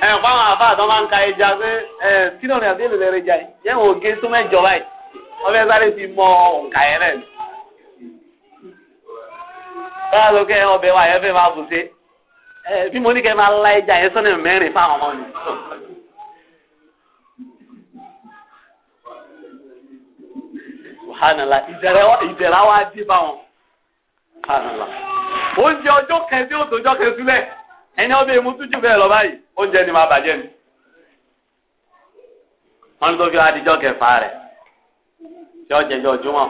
ẹ kó àwọn àfa àtọ́ máa ń ka ẹja pé ẹ kílò ní àti èlùbẹ̀rẹ̀ ẹja yìí yẹn wò gé tó mẹ́jọ báyìí wọ́n fẹ́ sáré fi mọ òǹkà yẹn rẹ̀ ni. ló kẹ́ ọbẹ̀ wa yẹn fẹ́ máa bù sí bí mo ní kẹ́ máa la ẹja yẹn sọ́nà mẹ́rin fáwọn ọmọ mi. subhanallah ìdẹ̀rẹ̀ wa dé báwọn subhanallah oúnjẹ ọjọ́ kẹsí òtòjọ́ kẹsí lẹ̀ ẹni ọbẹ̀ ìmútú jù bẹ́ẹ̀ lọ báyìí oúnjẹ ni máa bàjẹ́ ni wọ́n ní tó fi adijọ́ kẹfà rẹ̀ tí ó jẹjọ́ júmọ̀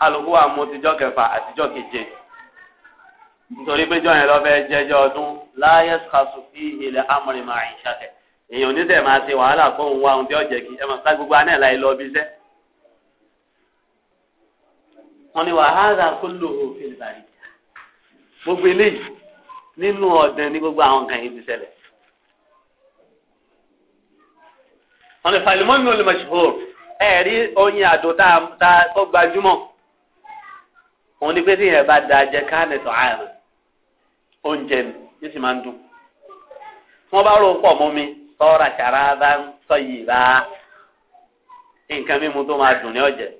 kálukú wa mú tijọ́ kẹfà àtijọ́ keje nítorí pé jọ́ yẹn lọ fẹ́ jẹjọ́ ọdún láyé sàṣù fi ilẹ̀ amúrin máa ń ṣàkẹ́ èèyàn onídẹ̀ máa ṣe wàhálà fóun wa ohun tí ó kí ẹ máa sá gbogbo aná ẹ̀ lọ bí iṣẹ́ wọ́n ní wàhálà kúlò òfin ìbàdí gbogbo eléyìí. nínú ọ̀dàn ní gbogbo àwọn kan yìí ti ṣẹlẹ̀. wọ́n lè fàlímọ́ mi ò lè oyin àdó tá a tó gbajúmọ̀ òun ni pé tí yẹn bá da jẹ káàní tó oúnjẹ ni yóò sì máa ń dùn. wọ́n bá rò pọ̀ mọ́ mi tọ́ra ṣàrá bá sọ yìí bá nǹkan mímu tó máa dùn ní ọ̀jẹ̀.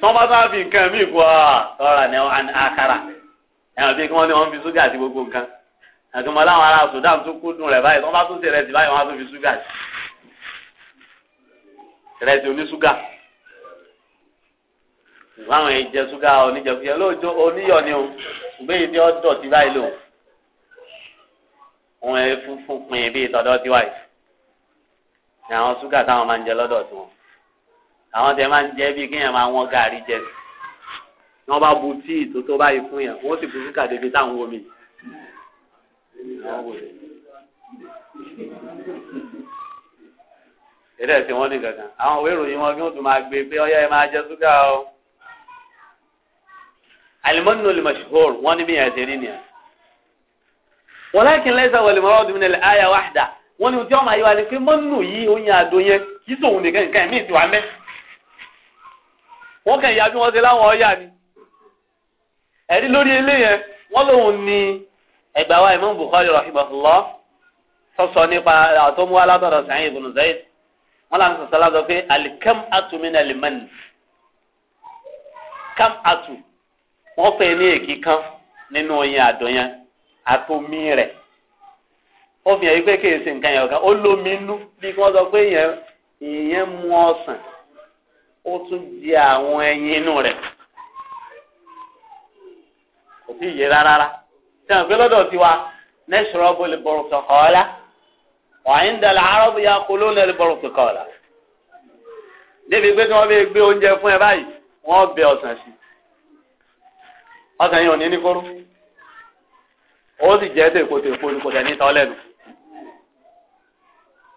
wọ́n bá bá fi nǹkan mímu tọ́ra ní ẹ̀rọ bíi kí wọ́n ní wọ́n fi ṣúgà sí gbogbo nǹkan àti mọ́ láwọn ará Sudan tó kú dùn rẹ̀ báyìí wọ́n bá tún ṣe rẹsì báyìí wọ́n á tún fi ṣúgà sí rẹsì oníṣúgà láwọn ìjẹ ṣúgà oníjẹkújẹ lóòjó oníyọ̀ ni o ṣùgbọ́n tí ó dọ̀tí báyìí lò wọn ẹ funfun pin bíi tọ́dọ̀ tí wáyé ni àwọn ṣúgà táwọn máa ń jẹ lọ́dọ̀ tí wọn àwọn tẹ máa ń jẹ bíi kéèyàn máa wọ́n gàrí jẹ sí ni wọ́n bá bu tíì tó tó báyìí fún yẹn wọ́n sì bu síkà débi táwọn omi. ilé ẹ̀sìn wọn ní kankan àwọn òwe ìròyìn wọn kí wọ́n tún máa gbé pé ọyá ẹ máa jẹ ṣúgà o. alimọ́nù olùmọ̀ṣùhóòrù wọ́n ní bí yẹn ti rí nìyẹn. wọ́n láìkí lẹ́sà wọlé mọ́rọ́ ọdún nílẹ̀ ayé wáhdà wọ́n ní ojú ọmọ ayé wa ni pé mọ́nù yìí oyin àdó yẹn kì í sòun nìkan nǹkan ẹ̀mí ìtiwá mẹ́. kàn ya bí wọ́n ṣe láwọn ọyá ni. ẹ̀rí lórí eléyẹn wọ́n lòun ní ẹgbà wa Imam Bukhari rahimahullah sọsọ nípa àtọ́mú alátọ̀dọ̀ Sa'id ibn Zayd wọ́n làwọn sọ̀sọ́ lásọ pé alikam atu min kam atu wọ́n pè ní kan nínú oyin àdóyan àtomi rẹ̀ ó fi hàn yí pé kéèsì nǹkan yẹn ọ̀kan ó bí wọ́n sọ pé ìyẹn di àwọn ẹyin inú rẹ̀. sí iye rárá sẹ́wọ̀n pé lọ́dọ̀ tiwa nẹ́sọ̀rọ̀bù lè bọ̀rọ̀ kọ̀ọ̀lá wàá ń dàlẹ́ arọ́bù ya kó lónà lè bọ̀rọ̀ kọ̀ọ̀lá. débi pé kí wọ́n bẹ gbé oúnjẹ fún ẹ báyìí wọ́n bẹ ọ̀sán sí ọ̀sán yìí ò ní ní kóró ó sì jẹ́ tèpo tèpo ní kò ní tọ́ lẹ́nu.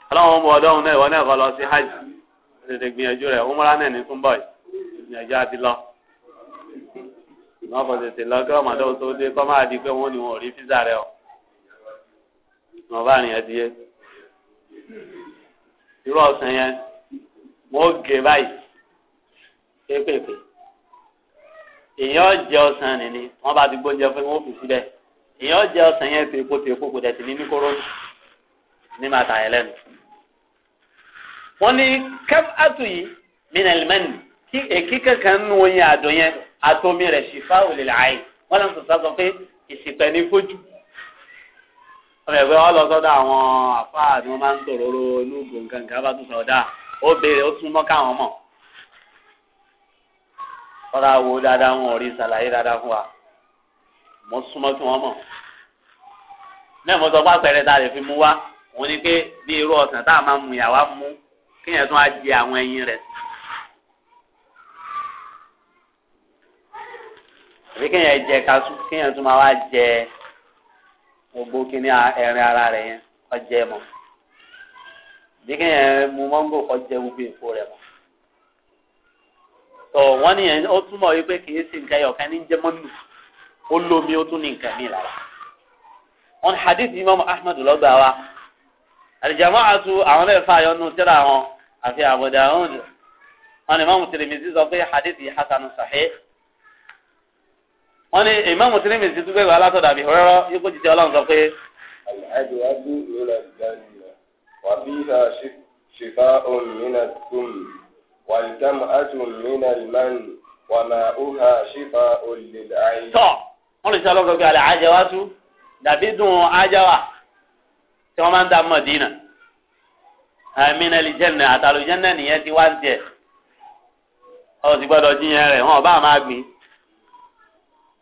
ọlọ́run mú ọdọ́run náà ìwọ náà kọ́ lọ sí hajj tètè gbìyànjú rẹ̀ ó múra náà ní túnbọ̀ yìí gbìyànjú àti lọ wọn kò tètè lọ kí ọmọdé tó dé kọ́ máa di pé wọ́n ní wọn ò rí físà rẹ o wọn bá rìn ẹdí yẹ irú ọ̀sán yẹn wọ́n gé báyìí pépèpè èèyàn jẹ ọ̀sán nìní wọ́n bá ti gbóúnjẹ fún wọn fi síbẹ̀ èèyàn jẹ ọ̀sán yẹn tèpo tèpo kò dẹ̀ sí ní níkóró ní màtà yẹn lẹ́nu wọ́n ní kẹ́fù àtúyí mí nà ẹ̀lẹ́mẹ́nì kí èkí kankan nù oyin àdùn yẹn atomi rẹ̀ ṣìfà òlè láàyè wọ́n náà sọ sọ pé ìsìpẹ̀ ní fojú. ọmọ ẹgbẹ́ wọn lọ sọ́dọ̀ àwọn àfáà ni wọ́n máa ń tòróró olóògùn nǹkan nǹkan bá tún sọ̀dá ó béèrè ó súnmọ́ káwọn mọ̀ kọ́ra wo dáadáa wọn ò rí ṣàlàyé dáadáa fún wa mo súnmọ́ kí wọ́n mọ̀ náà mo sọ pé àpẹẹrẹ tá a lè fi mú wá òun ni pé bí irú ọ̀sán tá a máa mú ìyàwó mú kéèyàn tún á jẹ àwọn ẹyin rẹ̀ sí àbí kéèyàn jẹ kaṣú kéèyàn tún máa wá jẹ gbogbo kíní ẹrin ara rẹ yẹn ọjẹ mọ kéèyàn mu mọ́ngò ọjẹ gbogbo èpo rẹ mọ. tọ wọn ni ó túmọ̀ wípé kì í si nǹkan ẹyọ kan ní jẹ mọ́nù ó lómi ó tún ní nǹkan mi lára. wọn hadith imam ahmed lọgbà wa aljamaatu àwọn lè fa àyọnu síra wọn àfi Abu wọn ni imam Tirmidhi pé hadith yìí hasanu wọ́n ní ìmọ̀ mùsùlùmí ti tún bẹ̀rẹ̀ alásọ̀dà bí rọ́rọ́ yóò ti ọlọ́run sọ pé. alhaji wa bí ìrora ìdánilẹ wà bí ha ṣèfà òmìnira tómi wà ìdámọ̀ àti òmìnira ìmánu wà máa ó ha ṣèfà ayé. tọ́ wọ́n lè ṣe ọlọ́run pé alẹ́ ajá wa tú dàbí dùn ajá wa tí wọ́n máa ń da mọ̀dínà àmìnà ìjẹ́nà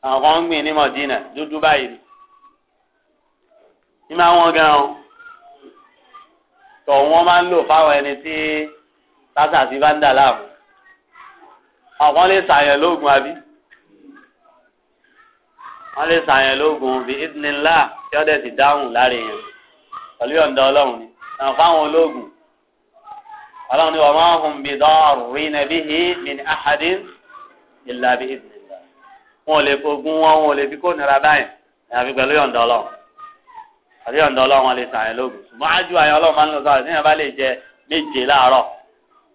àwọn kan ń gbìn ní Mọ̀dínà dúdú báyìí ní máa wọ́n gan o tọ̀ wọ́n máa ń lò fáwọn ẹni tí tásà sí bá ń dà láàmú àwọn lè ṣàyàn lóògùn àbí wọ́n lè ṣàyàn lóògùn bí ìdínlá tí ó ti dáhùn láre yẹn pẹ̀lú ọ̀dọ̀ ọlọ́run ni àwọn fáwọn olóògùn ọlọ́run ni wọ́n máa ń hùn bí dọ́ọ̀rù rí nàbí hí min ahadin ìlà bí ìdínlá. wọn ò lè fogún wọn wọn ò lè fi kó nira báyìí àfi pẹ̀lú yọ̀ǹda ọlọ́run àti yọ̀ǹda ọlọ́run wọn lè sàn yẹn lóògùn ṣùgbọ́n ájú àyàn ọlọ́run máa ń lọ bá lè jẹ méje láàárọ̀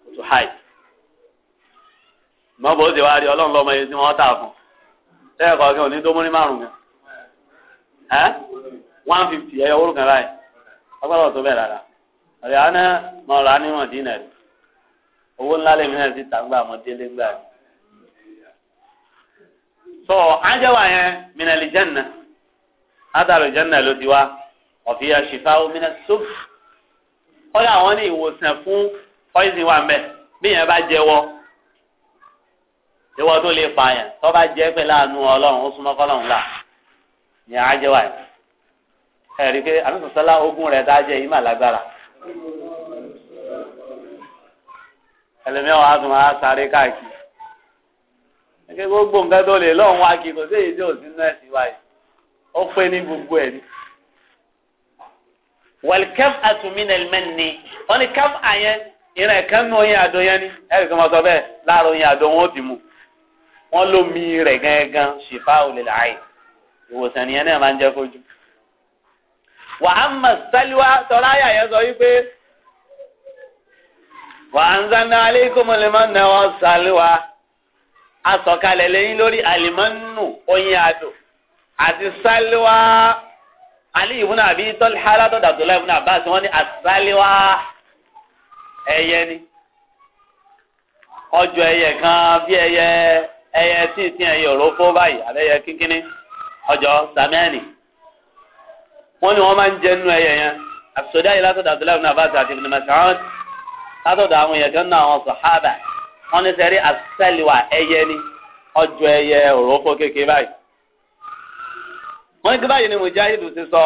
oṣù mọ́bò ó rí ọlọ́run lọ́mọ yẹn tí wọ́n tà fún òní tó márùn ẹ́ one fifty mọ́ délé ńgbà sọ ajawa yẹn minali janna adàlù janna ló ti wá ọ̀fi àṣìfà omina sóf ọ̀yà àwọn ní ìwòsàn fún poison wà mẹ́ bí yẹn bá jẹ́wọ́ jẹ́wọ́ tó lè pààyàn tó bá jẹ́ pẹ̀lú àánú ọlọ́run ó súnmọ́ kọ́lọ́run là ní ajawa yẹn ẹ̀rí pé àmísọ̀sọ́lá ogún rẹ̀ dájẹ́ yìí mà lágbára ẹlẹ́mìíràn wàá tún wàá sáré káàkiri gẹ́gẹ́ gbogbo nǹkan tó lè lọ́hùn wá kí kò sí èyí tí ò sí náà sí wáyé ó pé ní gbogbo ẹ̀ ní. wẹ̀lkẹ́m àtúmínà mẹ́ni wọ́n ní kẹ́m àyẹn ìrìn ẹ̀kẹ́ nù oyin àdó yẹn ní ẹ̀rì kan máa sọ bẹ́ẹ̀ láàárọ̀ oyin àdó wọn ó ti mú wọn ló mi rẹ̀ gangan ṣèfà òlè láàyè ìwòsàn nìyẹn náà máa ń jẹ́ fojú. wàhámà sálíwá tọ́lá àyà yẹn sọ wípé wàhánsá náà alẹ́ kọ́mọlẹ́mọ́ náà wọ́n sálíwá. asọ̀kalẹ̀ lẹ́yìn lórí alimọ́nù oyin adò àti saliwa ali ibùn àbí tọ́lá tó láì ibùn abbas wọ́n ní asálíwá ẹyẹ ni ọjọ́ ẹyẹ kan bí ẹyẹ ẹyẹ tìǹtìǹ ẹyẹ òrófó báyìí àbẹ́yẹ kínkínní ọjọ́ sàmẹ́ẹ̀nì wọ́n ní wọ́n máa ń jẹ nínú ẹyẹ yẹn ibùn àti ibùn àwọn kan náà wọ́n ní sẹ́rí àtẹ́lẹ̀wà ẹyẹ ni ọjọ́ ẹyẹ òrókó kékeré báyìí. wọ́n ní báyìí ni mujahidu ti sọ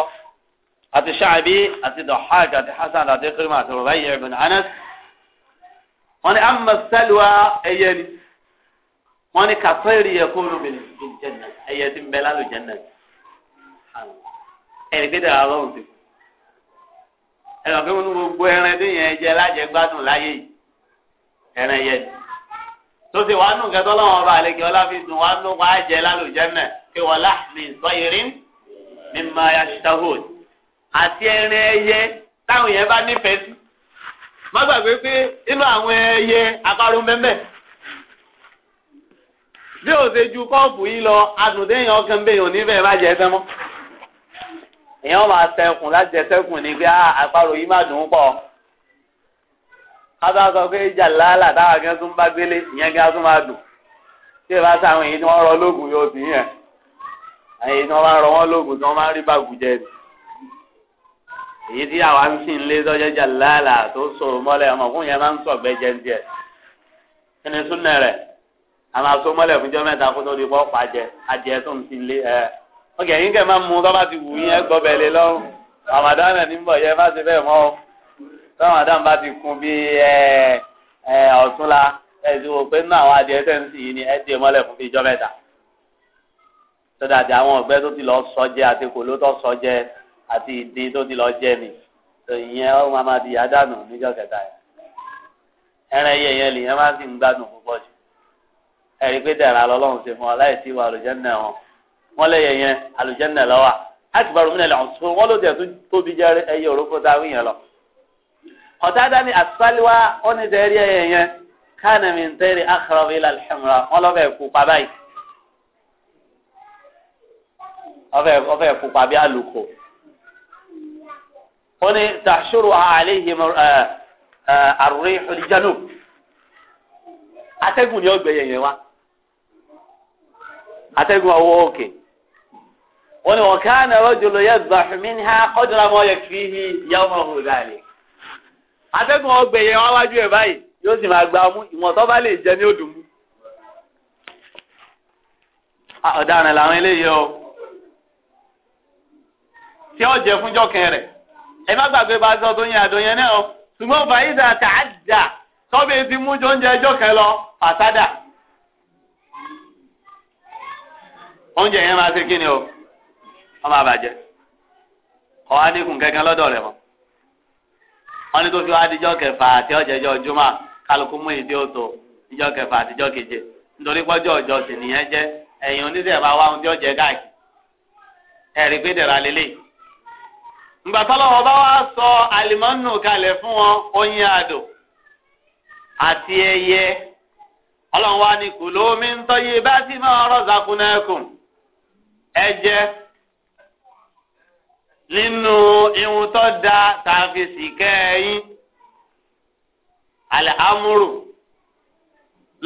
àti ṣáàbí àti dọ̀hák àti hasan àti kirima àti rubayyi ibn anas. wọ́n ní amma sẹ́lẹ̀wà ẹyẹ ni wọ́n ní kàtọ́ìrì yẹ kó lóbi jẹ́nà ẹyẹ ti ń bẹ lálù jẹ́nà ẹ̀rí gbé dàrá ẹ̀rọ kí wọ́n ní gbogbo ẹran ẹdín yẹn jẹ́ lájẹ láyé yìí tó ti wàá nù kẹtọ́ lọ́wọ́ ọba àlejò ọláfi dùn wàá nù wàá jẹ lálùjẹ́ mẹ́ pé wọ́n láàmì sọ́yìnrín ní maya shitahud àti ẹran ẹyẹ táwọn yẹn bá nífẹ̀ẹ́ sí. má gbàgbé pé inú àwọn ẹyẹ apárun mẹ́mẹ́ bí o ṣe ju kọ́ọ̀pù yìí lọ adùn téèyàn ọkàn bẹ́ẹ̀ ò ní bẹ́ẹ̀ má jẹ tán mọ́. èèyàn máa sẹkùn láti jẹ sẹkùn ní pé ah, àpárò yìí má dùn pọ̀ kátà sọ pé ìjà làálà táwọn akẹ́ tún bá délé ìyẹn kí wọ́n tún máa dùn tí ìbá sáwọn èyí tí wọ́n rọ lóògùn yóò sì yẹn èyí tí wọ́n bá rọ wọ́n lóògùn tí wọ́n máa ń rí bàgùjẹ́ ni èyí tí àwa ń sìn lé sọ́jọ́ ìjà làálà tó sòrò mọ́lẹ̀ ọmọ fún yẹn máa ń sọ̀gbẹ́ jẹ́ díẹ̀ kí ni súnà rẹ̀ a máa so mọ́lẹ̀ fúnjọ́ mẹ́ta kó tó di bọ́ táwọn adáhùn bá ti kun bí ẹ ẹ ọ̀túnla ẹ̀sìn wò pé nínú àwọn adìẹ tẹ̀ ń sìn yìí ni ẹ di mọ́lẹ̀ fún bíi ijọ́ mẹ́ta sọ́dà tí àwọn ọ̀gbẹ́ tó ti lọ sọ jẹ àti kòló tó sọ jẹ àti ìdí tó ti lọ jẹ mi ìyẹn ó máa máa di àdánù níjọ́ kẹta yẹn ẹran ẹyẹ yẹn lèyẹn máa ń sì ń gbádùn púpọ̀ jù ẹ̀rí pé dẹ̀ra lọ́lọ́run ṣe fún ọ láì sí ìwà àlùjẹ́nà wọn wọ́n lẹ́yẹ ọ̀tádá ni àtúbáliwá ó ní tẹ̀rí ẹ̀yẹ yẹn káàní mi ń tẹ̀rí akọ̀rọ̀bí làlùhẹ́mùrà wọn lọ́fẹ̀ ẹ̀kú pa báyìí ọfẹ̀ ẹ̀kú pa bí àlùkò ó ní tàṣúrù àlẹ́yìn àrùrí ìjánù atẹ́gùn ni ó gbé yẹn wá atẹ́gùn ọwọ́ òkè ó ní wọ́n káàní rọ́jòló ha kọ́jọ́ra mọ́ yẹ kiri yàwó mọ́ hùwà dàlẹ́ atẹ́gùn ọgbẹ̀ yẹn wá wájú ẹ̀ báyìí yóò sì máa gba ọmú ìwọ̀n tó bá lè jẹ ní òdùnmú. Ah, ọ̀daràn làwọn eléyìí o tí ó jẹ fúnjọ́ kan rẹ̀ ẹ má gbàgbé bá sọ tó yẹn àdóyẹn náà o ṣùgbọ́n fàyíṣà tààjà tọ́bí ti mú jọ ẹjọ́ kan lọ fàtádà oúnjẹ yẹn máa ṣe kí ni o wọ́n máa bàjẹ́ ọ̀hánìkùn kankan lọ́dọ̀ rẹ̀ mọ́. wọ́n ní tó fi wá kẹfà àti ọ̀jẹ̀jọ́ jùmọ̀ kálukú mú ìdí òtò díjọ́ kẹfà àtijọ́ keje nítorí pọ́jọ́ ọjọ́ sì nìyẹn jẹ́ ẹ̀yìn wá ohun tí ó jẹ káàkiri pé bá wá sọ kalẹ̀ fún wọn oyin àdò àti ẹyẹ ọlọ́run kùlómi ń bá ti máa ẹ jẹ́ nínú ihun tó da tàbí sìkẹ́ ẹ̀yìn alhamuru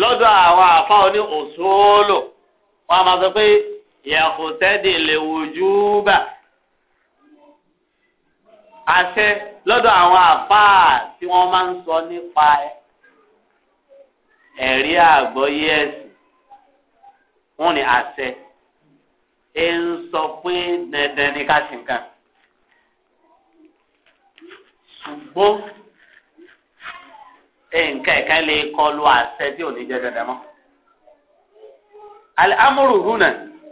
lọ́dọ̀ àwọn àfa oní òṣòlò wọn a máa sọ pé yẹ̀kùtẹ́dì lè wojú bà àṣẹ lọ́dọ̀ àwọn àfa tí wọ́n máa ń sọ nípa ẹ̀rí àgbọ́yé ẹ̀sìn wọn ni àṣẹ ń sọ pé dandan ni ká ṣe nǹkan. ṣùgbọ́n nǹkan ẹ̀ka lè kọlu àṣẹ tí ò ní jẹ dandan mọ́. amúrù hùnà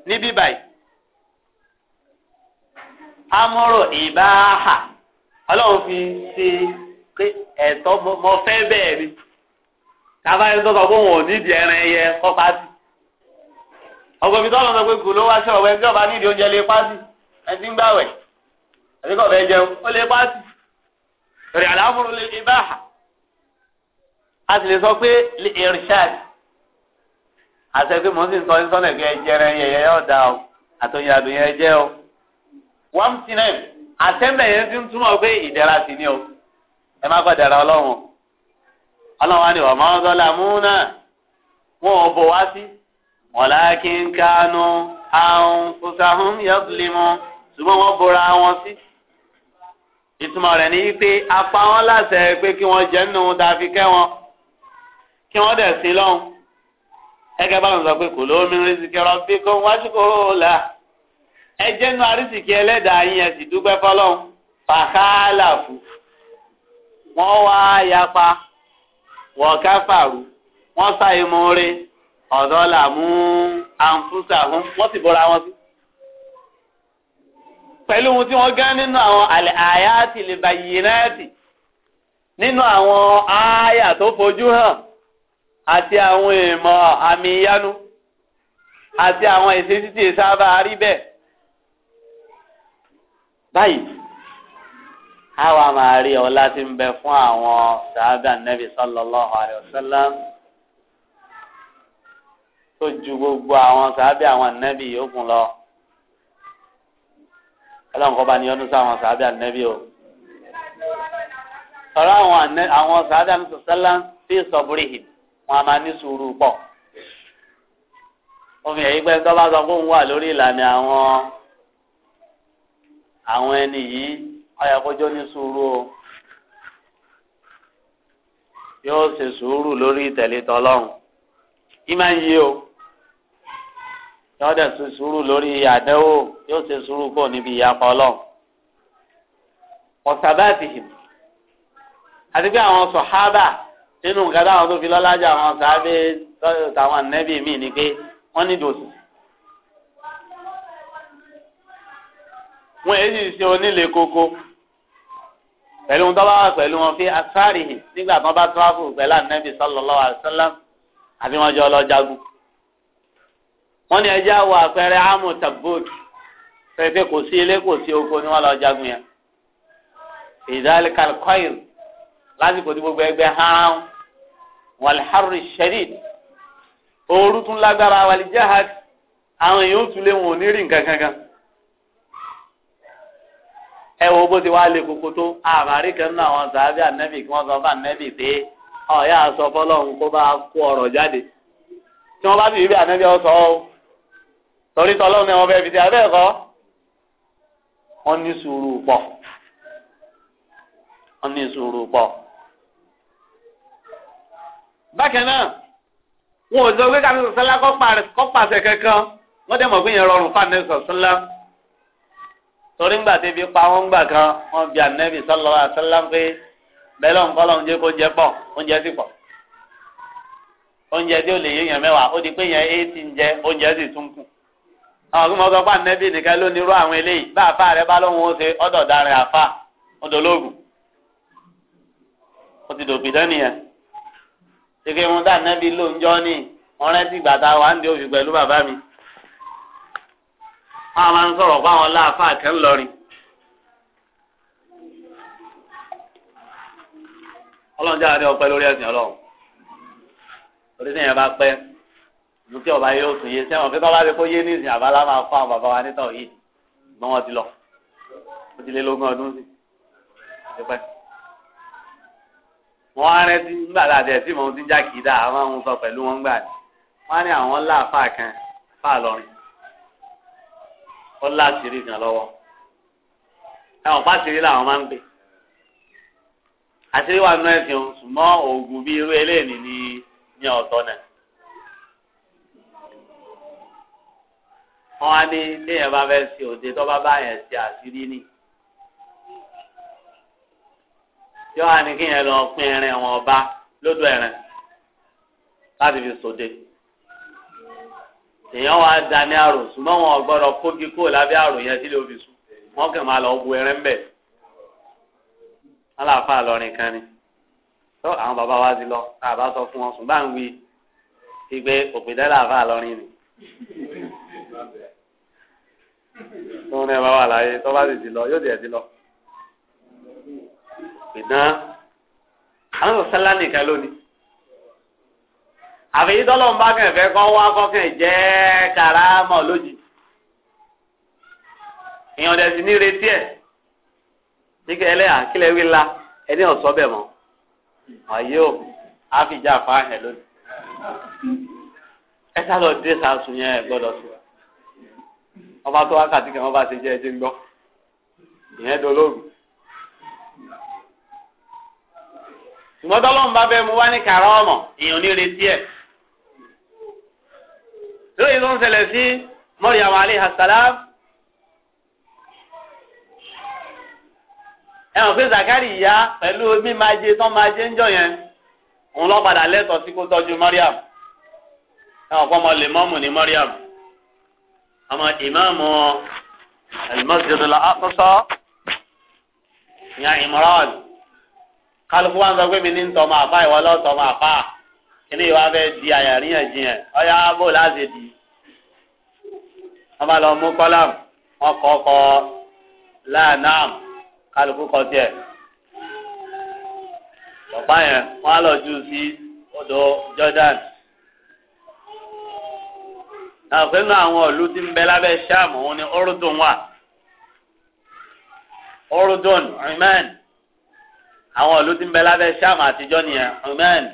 ní bíbáyìí amúrù ìbáhà ọlọ́run fi ṣe pé ẹ̀tọ́ mo fẹ́ bẹ́ẹ̀ ni tó sọ pé ò nídìí ẹran ẹyẹ kọ́ pàṣẹ mi sọ pé kò ló wá ọba nídìí oúnjẹ lè pàṣẹ ń gbàwẹ̀ rẹ̀ àlàáfóró lè ìbáhà a sì lè sọ pé lè irishad àti pé mò ń sì sọ ní sọ́nà pé ẹjẹ rẹ yẹyẹ yóò dá o àtòyìn àdùn yẹn jẹ o wọ́n ti náà àtẹ́mbẹ̀ yẹn ti ń túmọ̀ pé ìdẹ̀ra sí ni o ẹ má gbọ́ dẹ̀ra ọlọ́run ọlọ́run á ní wà máa ń sọ làmúnà wọn ò bò wá sí walakin kanu anfusahum yadlimu ṣùgbọ́n wọ́n bora wọn sí. Si ìtumọ̀ rẹ̀ ni wípé apá wọn láṣẹ pé kí wọ́n jẹ́ nínú tá a fi kẹ́ wọn kí wọ́n dẹ̀ sí lọ́hùn ẹgẹ bá wọn sọ pé kò lómi rísìkì ọ̀rọ̀ bí kò wájú kò là ẹ jẹ nu arísìkì ẹlẹ́dàá yín ẹ sì dúpẹ́ fọ́lọ́run fàkàlàfù wọn wá yapa wọká fàrù wọn sáyé mọre ọdọ làmú àǹfùsà wọn sì bọra wọn sí pẹ̀lú ohun tí wọ́n gán nínú àwọn àlẹ́ àyàtì lè bá yìí náà tì nínú àwọn àyà tó fojú hàn àti àwọn ìmọ̀ àmì ìyanu àti àwọn ìṣesí tí sábà rí bẹ́ẹ̀. báyìí àwa máa rí ọlá tí ń bẹ fún àwọn sàábà nẹ́bí sallallahu alaihi wasallam tó ju gbogbo àwọn sàábà àwọn nẹ́bí yòókù lọ ọlọ́run kọ́ bá ní ọdún sáwọn sàábẹ́ ànẹ́bí o sọ̀rọ̀ àwọn ànẹ́ àwọn sàábẹ́ ànẹ́bí sọ̀sẹ́lá sí sọ̀bùrìhìn wọn a máa ní sùúrù pọ̀ omi ẹ̀yìn pẹ́ tó bá sọ fóun wà lórí ìlànà àwọn àwọn ẹni yìí ọyà kọjọ́ ní sùúrù o yóò ṣe sùúrù lórí ìtẹ̀lé tọlọ́run ìmáa ń yí o yóò dẹ̀ ṣe sùúrù lórí àdánwò yóò ṣe sùúrù kò níbi ìyapa ọlọ́run. ọ̀sàbáàtìhìm àti pé àwọn sọ̀hábà nínú nǹkan táwọn tó fi lọ́lájà àwọn sàábé táwọn nẹ́bì míì ni pé wọ́n ní dòsì. wọn èyí ṣe onílé koko pẹ̀lú wọn tó wà pẹ̀lú wọn fi asárìhìn nígbà tí wọ́n bá tíráfù pẹ̀lú ànẹ́bì sallallahu alaihi wasallam àbí wọ́n jọ lọ wọ́n ni ẹja wọ àpẹẹrẹ àmù tabot pẹ̀pẹ́ kò sí ilé kò sí oko ni wọ́n lọ jagun yẹn lásìkò tí gbogbo hàn wàlhárù ooru tún lágbára àwọn èèyàn tún lé wo bó ti wá lè koko kan náà kí sọ fún pé sọ kó bá kó ọ̀rọ̀ jáde tí bá sì rí bí torí tọ́lọ́run ni wọ́n fẹ́ fi ṣe abẹ́ẹ̀kọ́ wọ́n ní sùúrù pọ̀ wọ́n ní sùúrù pọ̀. bákan náà wọn ò sọ pé káfíń sọ́sọ́lá kọ́ pàṣẹ kankan wọ́n dẹ̀ mọ̀ pé yẹn rọrùn fáwọn ẹ̀ sọ́sọ́lá torí ńgbà tí ibi pa wọn gbà kan wọn bí anabi sallallahu alaihi wasallam pé bẹlẹ ńkọlọ ń jẹ kó jẹ pọ̀ oúnjẹ sì pọ̀ oúnjẹ tí ó lè yé yẹn mẹ́wàá ó di pé yẹn éètì ń jẹ oúnjẹ sì tún kù àwọn ọmọ ọgbà nẹ́bí nìkan ló nírú àwọn eléyìí bá àfa rẹ bá lóhun ó ṣe ọ̀dọ̀ darin àfa ọ̀dọ̀ lóògùn ó ti dògbì dání yẹn ṣèké wọn dá nẹ́bí lóúnjọ́ ní wọn rántí ìgbà tá a wà ń di òfin pẹ̀lú bàbá mi wọn máa ń sọ̀rọ̀ pa àwọn láàfà ńlọrin ọlọ́run jáde ọpẹ́ lórí ẹ̀sìn ọlọ́run orí sẹ́yìn bá pẹ́ dúkìá ọba yóò tún yé sẹ́wọ̀n pé tọ́ba ti kó yé ní ìsìn àbálá máa kó àwọn bàbá wa nítọ̀ yìí gbọ́n wọn ti lọ ó ti lé lógún ọdún sí pípẹ́. wọ́n á rántí nígbà tá a tẹ̀ sí mọ̀ọ́n tí jákèjá àwọn ohun sọ pẹ̀lú wọn gbà ní wọ́n á ní àwọn ńlá àfáà kan fáà lọ́rin ó láṣìírí kan lọ́wọ́ ẹ̀wọ̀n pàṣírí làwọn máa ń gbé àṣírí wà nínú ẹ̀sìn ṣùgbọ́n oògùn bíi irú eléyìí ní ọ̀tọ̀ náà. wọn á ní léèyàn bá fẹ́ ṣe òde tó bá bá yẹn ṣe àṣírí ni yọ á ní kéèyàn lọ pín ẹrin wọn ọba lódò ẹrin láti fi ṣòde èèyàn wá da ní àrò ṣùgbọ́n wọn gbọ́dọ̀ kógi kó lábẹ́ àrò yẹn tí lè fi sùn wọn kàn máa lọ bu ẹrin bẹ́ẹ̀ aláàfáà lọrin kan ni tó àwọn bàbá wa ti lọ tá a bá sọ fún wọn sùn bá ń wí igbe òpèdè aláàfáà lọrin ni. tó ní ẹ bá wà láyé tó bá sì ti lọ yóò di ẹ ti lọ. ìdán àwọn sọsẹlá nìkan lónìí àfẹyí tọ́lọ̀ ń bá fẹ́ kọ́ wá jẹ́ kàrámọ̀ lójijì èèyàn dẹ̀ sì ní retí ẹ̀ nígbà ẹlẹ́yà kílẹ̀ wí la ẹni ọ̀sọ́ bẹ̀ mọ́ fi fáhẹ̀ lónìí ẹ sá lọ dé ọba tó wákàtí kan ọba ṣe jẹ́ ẹjẹ́ ń gbọ́ ìyẹn dolóògùn. ṣùgbọ́n tọ́lọ́mù bá bẹ́ẹ̀ mu wá ní kàrọ́ ọ̀mọ̀ èèyàn ní retí ẹ̀. lórí tó ń ṣẹlẹ̀ sí Maryam alayha salam ẹ̀wọ̀n pé Zakari ìyá pẹ̀lú mímájé tán máa jẹ́ ń jọ yẹn òun lọ́ padà lẹ́tọ̀ọ́ sí kó tọ́jú Maryam ẹ̀wọ̀n pọ́nmọ́ lè mọ́mù ní Maryam àmọ́ ìmáàmù المسجد masjid يا aqsa ìyá Imran kálukú wa ń sọ pé mi ní tọmọ àfa ìwọ lọ tọmọ àfa kíní ìwà fẹ́ di àyàríyànjiyàn ọyá bò láti di wọn bá lọ mú kọlám wọn kọ kọ láàánàm kálukú kọ tiẹ̀ bàbá yẹn wọn á lọ jù sí Jordan àfẹnú àwọn ìlú tí ń bẹ lábẹ́ Ṣáàmù òun ni Urdun wà Urdun Oman àwọn ìlú tí ń bẹ lábẹ́ Ṣáàmù àtijọ́ nìyẹn Oman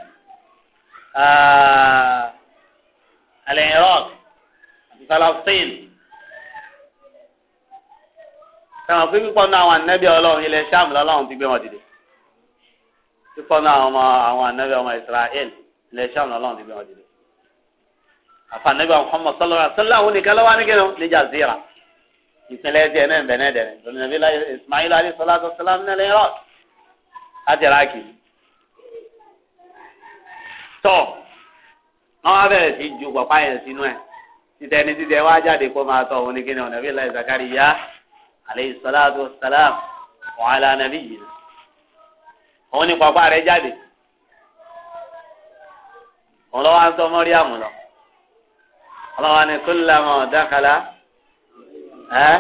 alẹ́ Iraq àti Palestine sẹ́wọ̀n pé pípọ̀ náà àwọn ànábì ọlọ́run ilẹ̀ Ṣáàmù lọ́lọ́run ti gbé wọn dìde pípọ̀ náà àwọn ànábì ọmọ Israel ilẹ̀ Ṣáàmù lọ́lọ́run ti gbé wọn dìde àfànàgbà Muhammad sallallahu alaihi wa sallam àwọn nìkan lọ́wọ́ anigẹrẹ ní jazira ìpínlẹ̀ ẹdẹ náà bẹnẹ dẹrẹ lọnàbí la Ismail alayhi salatu salam nílẹ iraq láti iraq tọ wọn wá bẹ̀rẹ̀ sí ju pàpá yẹn sínú ẹ títẹ ní títẹ wá jáde kó máa tọ òun ní kíni ọ̀nàbí la Zakariya alayhi salatu salam wa ala nabiyina òun ní pàpá rẹ jáde òun lọ́wọ́ à ń tọ́ mọ́ríàmù lọ. ọlọ́wọ́ ni kullama dakhala ẹ́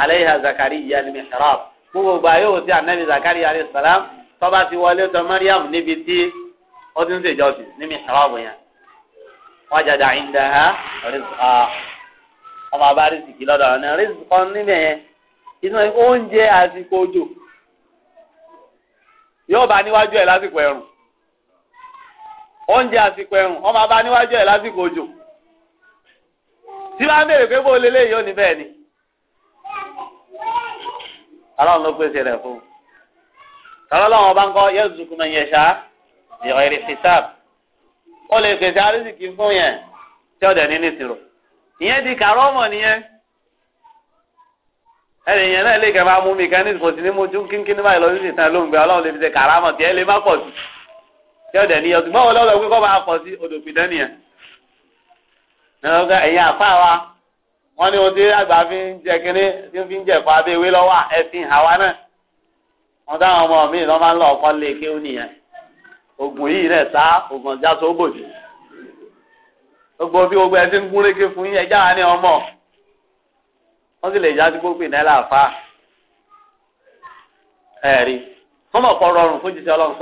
alayha zakariya ní mihrab gbogbo gba yóò ti anabi zakariya alayhi salam tọ́ba ti wọlé tọ́ mariam níbi tí ó ti ń ṣèjọ́sìn ní mihrab yẹn wajada indaha rizqa tí bá ń bèrè pé bó lélẹ̀ yóò ní bẹ́ẹ̀ ni ọlọ́run ló pèsè rẹ̀ fún un tọ́lọ́lọ́run ọba ń kọ́ yẹ́ zùkú mẹ́yẹ ṣá ìyọ̀ èrè fisab ó lè pèsè arísìkì fún yẹn tí ọ̀dẹ̀ ní nìṣirò ìyẹn di kàrọ́mọ̀ nìyẹn ẹnì yẹn náà lè kẹ́ máa mú mi kan ní ní mojú kínkín báyìí lọ sí ìtàn lóhùn gbé ọlọ́run lè fi ṣe kàrámọ̀ tí ẹ lè má pọ̀ sí tí ọ̀dẹ̀ níyọ̀ ṣùgbọ́n ọlọ́run pé kọ́ máa pọ̀ sí odò pìdán nígbà ẹ̀yìn àfa wa wọ́n ní ohun tí àgbà fi ń jẹ kínní tí fi ń jẹ fún abéwé lọ́wọ́ ẹ̀sìn àwa náà wọ́n dáhùn ọmọ mi lọ́ máa lọ ọkọ lé kéwù nìyẹn oògùn yìí rẹ̀ sá oògùn ọjà tó bòjì gbogbo bí gbogbo ń gúnrégé fún yín wa ní ọmọ wọ́n sì lè já sí gbogbo ìnáyà àfa ẹ̀rí rọrùn fún jíjẹ ọlọ́run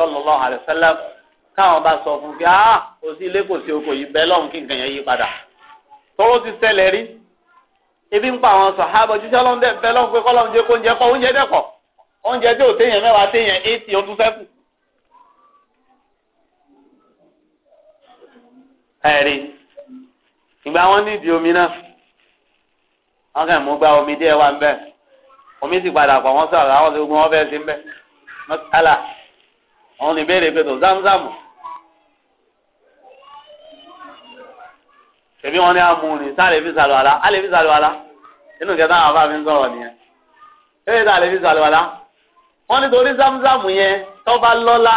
kí yìí tọ́wọ́ ti ṣẹlẹ̀ rí ebi ń pa àwọn sàhábà jíjẹ́ ọlọ́dẹ bẹ́ẹ̀ lọ́n pé kọ́lọ́n jẹ́ kó oúnjẹ kọ́ oúnjẹ dẹ́kọ̀ oúnjẹ tí ò téèyàn mẹ́wàá téèyàn eighty ọdún sẹ́kù. ẹ̀rí ìgbà wọn nídìí omi náà wọn kàn mú gba omi díẹ̀ wá ń bẹ̀ omi sì padà pọ̀ wọ́n sọ̀rọ̀ àwọn tó gbọ́n wọ́n fẹ́ẹ́ sí ń bẹ̀ mọ́tálà wọn ò ní béèrè pé tó zámzámù tẹ̀bí wọn ní amúrin sáré fi sàlù àlá alẹ́ fi sàlù àlá inú kẹta àwọn afáàfin ń sọ̀rọ̀ nìyẹn eré sáré fi sàlù àlá wọn nítorí zámzámù yẹn tó bá lọ́lá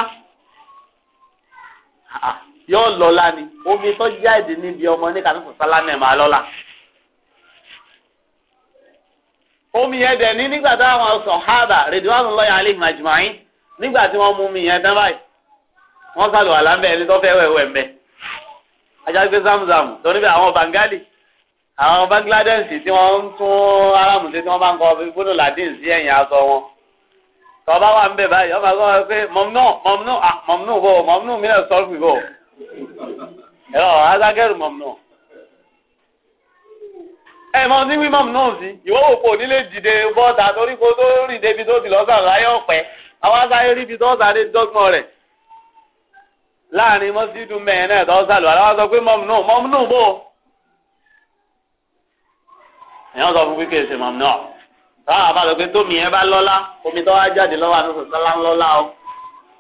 yóò ni omi tó jáde níbi ọmọ ní kàtúntò sálámì ẹ̀ máa lọ́lá. omi yẹn dẹ̀ ní nígbà táwọn sọ̀hábà ridwanullahi alaihim ajma'in nígbà tí wọ́n mú mi yẹn dán báyìí wọ́n sàlù àlá ń bẹ̀ ẹni tó fẹ́ wẹ̀wẹ̀ ń bẹ̀ ajágbé zamzam torí bí àwọn bangali àwọn bangladeshi tí wọ́n ń tún aramuse tí wọ́n bá ń kọ ibùdó ladin sí ẹ̀yìn aṣọ wọn tọba wa ń bẹ báyìí ọba sọ pé mọmnú mọmnú ah, mọmnú bò mọmnú mi náà sọ fún mi bò ẹrọ azagẹrù mọmnú ẹ mọ ní wí mọmnú sí ìwọ òpó nílé dìde bọ́ta torí kó tó rìn débi tó ti lọ́sàn láyé ọ̀pẹ àwọn asáyé ríbi tó sáré dọ́gbọ́n rẹ̀ láàrin mọ́sídùú mẹ́rin náà tó sàlù aláwọ̀ sọ pé mọ́mùnù mọ́mùnù bò èèyàn sọ fún pípé ṣe mọ́mùnù táwọn àbá sọ pé tómi yẹn bá lọ́lá omi tó wá jáde lọ́wọ́ àti sọ̀tọ́lá ń lọ́lá o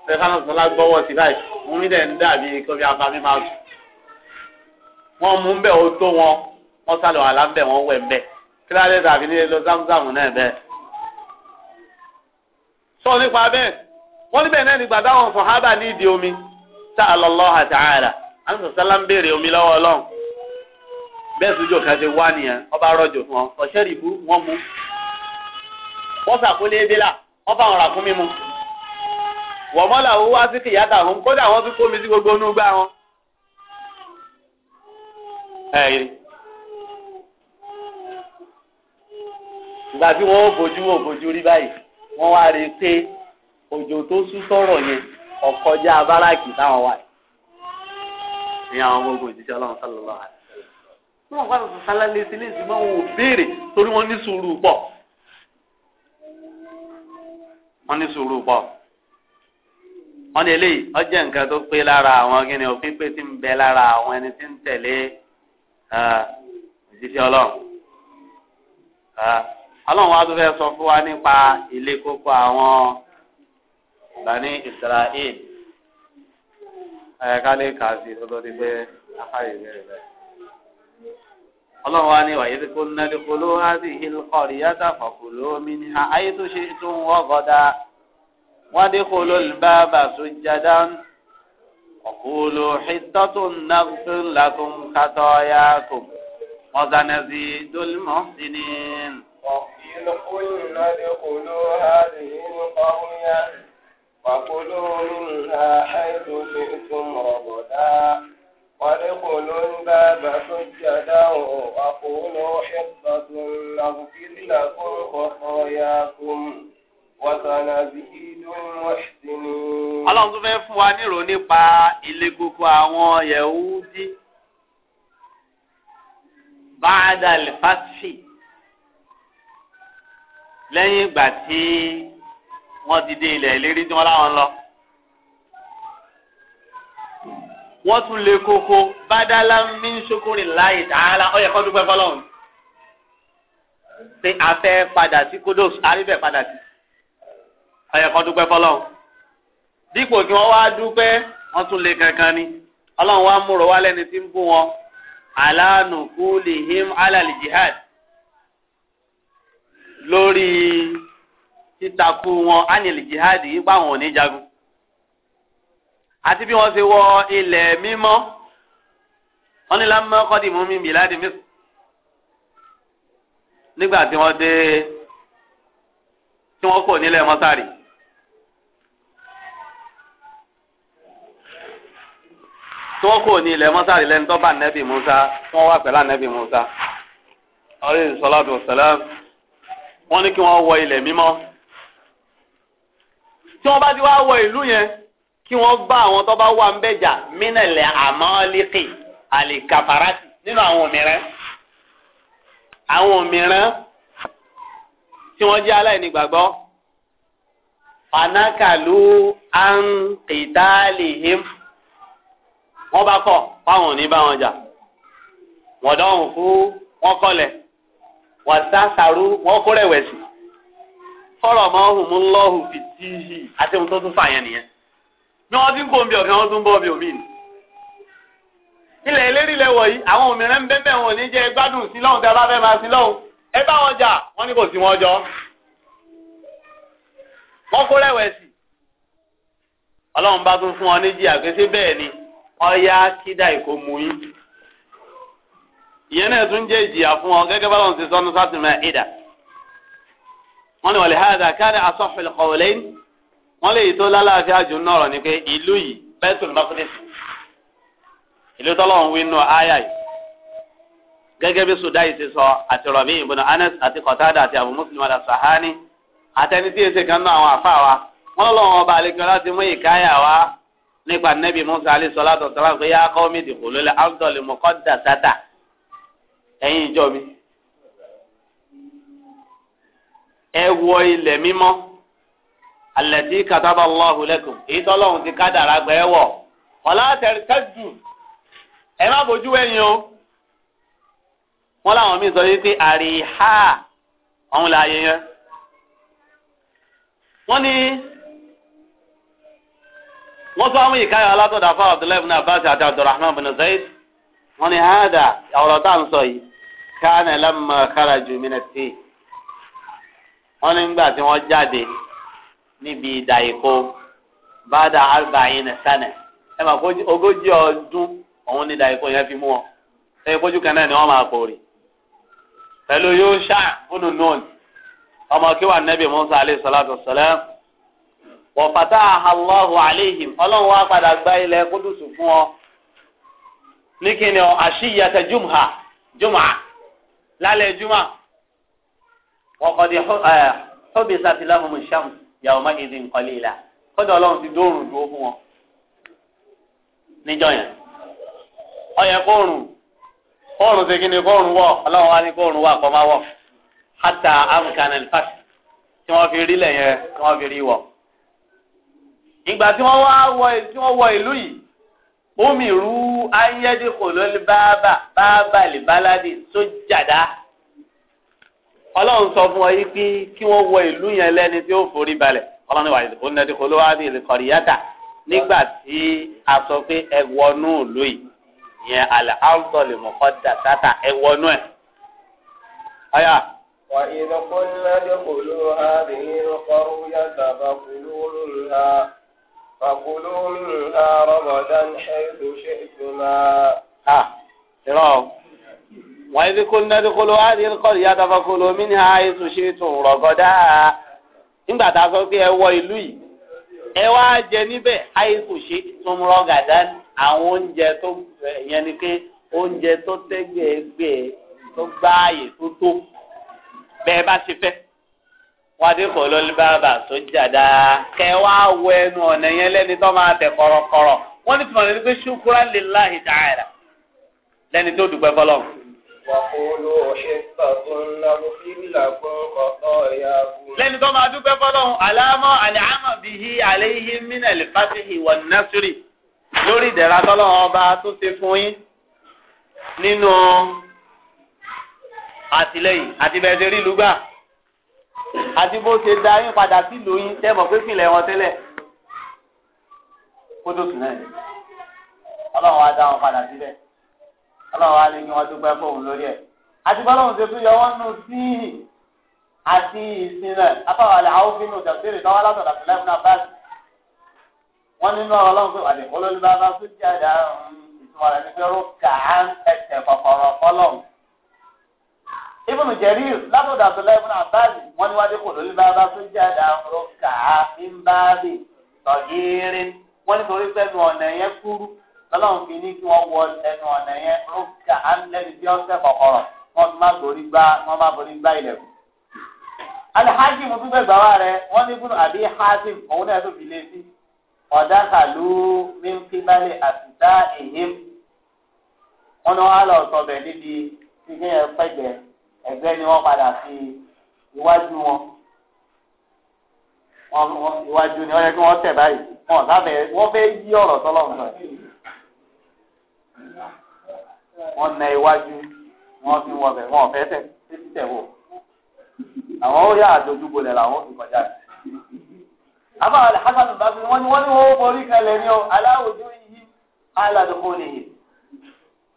sẹ́fánà sọ̀tọ́lá gbọ́wọ́ sí báyìí wọ́n mi dẹ̀ ń dàbí kọ́bí afámi máa sùn wọ́n mú bẹ́ẹ̀ ó tó wọn wọ́n sàlù àlá ń bẹ̀ wọ́n wẹ̀ ń bẹ̀ kíláàdé tàbí nílé lọ sámúsàmù náà bẹ́ẹ̀ sọ nípa bẹ́ẹ̀ wọ́n níbẹ̀ náà nígbà táwọn sọ̀hábà ní ìdí omi ala Allah ta'ala ansa salam béèrè omi lọ́wọ́ ọlọ́run bẹ́ẹ̀ sójú ọ̀ka ṣe ọ ọ̀ṣẹ́ rìbú wọ́n mú wọ́n sàkólé ebélà wọ́n fà wọn rà fún mímu wọ́n mọ́là owó wá sí kìyàtà tún rí báyìí wọ́n wá rí i pé òjò tó ọ̀kọjá abáràkì táwọn wà ní àwọn gbogbo òjíṣẹ́ ọlọ́run sálọ́lá wọn wà lọ́sọ̀ sálá lé sí léèsì mọ́ wọn ò béèrè torí wọ́n ní sùúrù pọ̀ wọ́n ní sùúrù pọ̀ wọ́n ní eléyìí ọjọ́ nǹkan tó pé lára àwọn kíni òfin pé tí ń bẹ lára àwọn ẹni tí ń tẹ̀lé òjíṣẹ́ ọlọ́run ọlọ́run wa tó fẹ́ sọ fún wa nípa ilé kókó àwọn bani israel ẹ̀ka lè kà sí tó lórí pé afáyé bẹ̀rẹ̀ bẹ́ẹ̀. ọlọ́run wa ní wàyí tí kò ń nẹ́lẹ̀ kó ló há sí ìhìn kọ̀rí yàtà fọ̀kù lómi ní ayé tó ṣe tó ń wọ́ gọ́dá wọ́n dé kó ló lè bá bàṣọ jáde ọ̀kúlù xitọ́tù nàfún làkùn kàtọ́yàkùn mọ́sánẹ́sì dólmọ́sínì. ọ̀kúlù kò ń nẹ́lẹ̀ kó ló há sí ìhìn kọ̀rí yàtà. وكلوا منها حيث شئتم رغدا وادخلوا الباب سجدا وقولوا حطة نغفر لكم خطاياكم وسنزيد المحسنين. ọlọ́run tún fẹ́ fún wa nírò nípa ilé gbogbo àwọn yẹ̀wúdí báadà lè fásitì lẹ́yìn ìgbà tí. wọ́n ti dé ilẹ̀ ìlérí tí wọ́n láwọn lọ. wọ́n tún lè koko bádálá mi ń láì tààlà ọ̀yẹ̀ kọ́ dúpẹ́ fọlọ́run. padà sí kodos aríbẹ̀ padà sí ọ̀yẹ̀ kọ́ dúpẹ́ fọlọ́run. dípò kí wọ́n wá dúpẹ́ wọ́n tún lè kankan ni ọlọ́run wá múrò wá lẹ́ni tí ń bú wọn aláàánú him títakú wọn ánìlì jihadi yìí pa wọn ò ní jagun àti bí wọn ṣe wọ ilẹ̀ mímọ́ wọn ní lámọ́ kọ́dìmú mi bìláàdì mísù nígbà tí wọ́n dé tí wọ́n kò nílẹ̀ mọ́sárì. tí wọ́n kò ní ilẹ̀ mọ́sárì lẹ́nu tó bá nẹ́bì Musa tí wọ́n wá pẹ̀lú ànẹ́bì Musa alayhi salatu wassalam wọ́n ní kí wọ́n wọ ilẹ̀ mímọ́ tí wọ́n bá ti wá wọ ìlú yẹn kí wọ́n bá àwọn tó bá wà ń bẹ̀jà mínàlẹ̀ àmọ́lẹ́kì àlìkàfàràtì nínú àwọn mìíràn àwọn mìíràn tí wọ́n jẹ́ aláìní gbàgbọ́ fanakalu ankitalihim wọ́n bá kọ̀ fáwọn òní bá wọn jà wọ́n dánwò fún wọn kọ́lẹ̀ wọ́n sá sàrú wọ́n kó rẹ̀wẹ̀sì. fọ́rọ̀ mọ́ ọ̀hún lọ́hùn fi tí hì àti ohun tó tún fàyẹn nìyẹn bí ọ dị ń ọbịa omi ọ̀kan wọ́n omi àwọn òmìnira ń wọn ò ní jẹ́ a wọn jà wọn jọ. kó fún ọ ní jìyà ni kídà yín ìyẹn náà tún fún ọ bá wọn ti wọ́n ní wọlé hàdà káàdì asọ́fìlì kọ̀wọ́lẹ́yìn wọ́n lè tó lálàáfíà jù nọ̀rọ̀ ni pé ìlú yìí Baitul Maqdis ìlú tọ́lọ́run wí nù áyà yìí gẹ́gẹ́ bí sudai ti sọ àti rọ̀bí ibn Anas àti Qatada àti Abu Muslim al-Sahani àtẹni tí èsè kan náà àwọn àfa wa wọ́n lọ́wọ́ ọba àlekẹ́ láti mú ìkáyà wa nípa nẹ́bí Musa alayhi salatu wa salam ẹ wọ ilẹ̀ mímọ́ alẹ́tí kataba Allahu lakum èyí tọ́lọ́hún ti ká dàrá gbẹ́ wọ̀ ọ̀la tẹ̀síjú ẹ má bójú ẹ̀yìn o wọ́n láwọn míì sọ wípé àríhá ọ̀hún láàyè yẹn wọ́n ní wọ́n sọ àwọn ìkáyọ̀ alátọ̀dá fún Abdullahi bin Abbas àti Abdulrahman bin Zayd wọ́n ní hàdà ọ̀rọ̀ tá à ń sọ yìí kana lamma kharaju min at-tii. wọ́n ní nígbà tí wọ́n jáde níbi ìdá ìkó bàdà arba'in sánẹ̀ ẹ máa kó ogójì ọdún òun ní ìdá ìkó yẹn fi mú ọ ẹ kójú kan náà ni wọn máa kórè pẹ̀lú yóò ṣá fúnnu nùn ọmọ kí wà nẹ́bí musa aleyhi salatu wa salam wọ́n fata aláhu aleyhim ọlọ́run wá padà gba ilẹ̀ kúdùsù fún ọ ní kíni ọ àṣìyàtẹ̀ jùmọ̀ ọkọdé ọbẹ sátìlá mọmọ sàm yàwó má èdè nkọlé ìlà kọdọ Ọlọ́run ti dóorùn dúró fún wọn níjọ́ yẹn ọyẹ kóorùn kóorùn ṣe kí ni kóorùn wọ Ọlọ́run wa ni kóorùn wà kọ máa wọ hàtà amkanel fàṣ tí wọn fi rí lẹ́yìn tí wọn fi rí wọ ìgbà tí wọn wá wọ tí wọn wọ ìlú yìí omi rú ayédèkò lórí báábà báábà lè báládì ọlọ́run sọ fún ọ yìí pé kí wọ́n wọ ìlú yẹn lẹ́ni tí ó forí balẹ̀ ọlọ́run wà ìdìbò nẹ́ẹ̀dì kọló wà ní ìkọ̀ríyàtà nígbà tí a sọ pé ẹ wọnú ìlú yìí yẹn àlẹ́ áńtọ̀lì mọ̀kọ́dà sátà ẹ wọnú ẹ̀. ọ̀yà. wà ìdí kọló ní kọló wà ní ìkọ̀ríyàtà fàkùlù ńlá fàkùlù ńlá rọmọdán ṣẹ́yìn tó ṣe ìtumá wọ́n ibi kó nẹ́ẹ̀dì kó ló áàdì kọ́ọ̀dì yàtọ̀ fún kó ló mí ní ààyè tó ṣe tó rọ̀gọ́dá nígbà tá a sọ pé ẹ wọ ìlú yìí ẹ wá jẹ níbẹ̀ ààyè tó ṣe tó rọ̀gàdá àwọn oúnjẹ tó yẹn ni pé oúnjẹ tó tẹ́gbẹ̀ẹ́gbẹ̀ tó gbá ààyè tó tó bẹ́ẹ̀ bá ṣe fẹ́ wọ́n adé kò ló bàbà tó jàdá kẹ́ wá wọ ẹnu ọ̀nà yẹn lẹ́ni tó máa tẹ̀ kọ̀rọ̀kọ̀rọ̀ wọ́n ní tìmọ̀ وقولوا حفظة نغفر لكم خطاياكم lẹ́ni tó máa dúpẹ́ fọlọ́hún àlámọ́ àlẹ́hámọ̀ bíi àléhìn mínà lè fásihì wọ̀ nẹ́sírì lórí ìdẹ̀ra tọ́lọ́hún ọba tó ṣe fún yín nínú àtìlẹ́yìn àti bẹ̀rẹ̀ rí lùgbà àti bó ṣe dá yín padà sílùú yín tẹ́ pé pìlẹ̀ wọn tẹ́lẹ̀ kó tó sùn náà ọlọ́run á dá wọn padà sílẹ̀. ọlọ́wọ́ á lè ní wọ́n dúpẹ́ fóun lórí ẹ̀ àti bọ́lọ́hùn ṣe tún yọ nù sí àti ìsìn rẹ̀ afáwàlẹ̀ àwòfínù tẹ̀síìrì tọ́wọ́ látọ̀dà sílẹ̀ fún abáàsì wọ́n nínú ọ̀rọ̀ lọ́hùn pé wàdí olórí bàbá tó jáde um, ìtumọ̀ rẹ̀ ní ó kà á ń ẹsẹ̀ tó ń bá lọ́lọ́run fi ní kí wọ́n wọ ẹnu ọ̀nà yẹn rúkà á lẹ́nu bí ọ̀sẹ̀ kọ̀kọ̀rọ̀ wọ́n má borí gbá wọ́n má borí gbá ilẹ̀kùn. alihajim tún fẹ́ gbà wá rẹ wọ́n ní fún àbí hajim òun náà tó fi lé sí ọ̀dà kàlú mímpímálì àtìdá èyím wọ́n ní wọ́n á lọ sọ bẹ̀ níbi tí kí ẹ pẹ́jẹ ẹgbẹ́ ni wọ́n padà fi iwájú wọn iwájú ni wọ́n yẹ kí wọ́n tẹ̀ báyìí wọ́n fẹ́ yí ọ̀rọ̀ tọ́lọ́ wọ́n na iwájú wọ́n fi wọ́n bẹ̀ wọ́n fẹ́ tẹ̀ títí tẹ̀ wò àwọn ó yà àdójúbo lẹ̀ làwọn fi kọjá rẹ̀. àbá alhassan babi wọ́n ní wọ́n ní wọ́n forí kalẹ̀ ní o aláwùjọ yìí aládùúgbò nìyí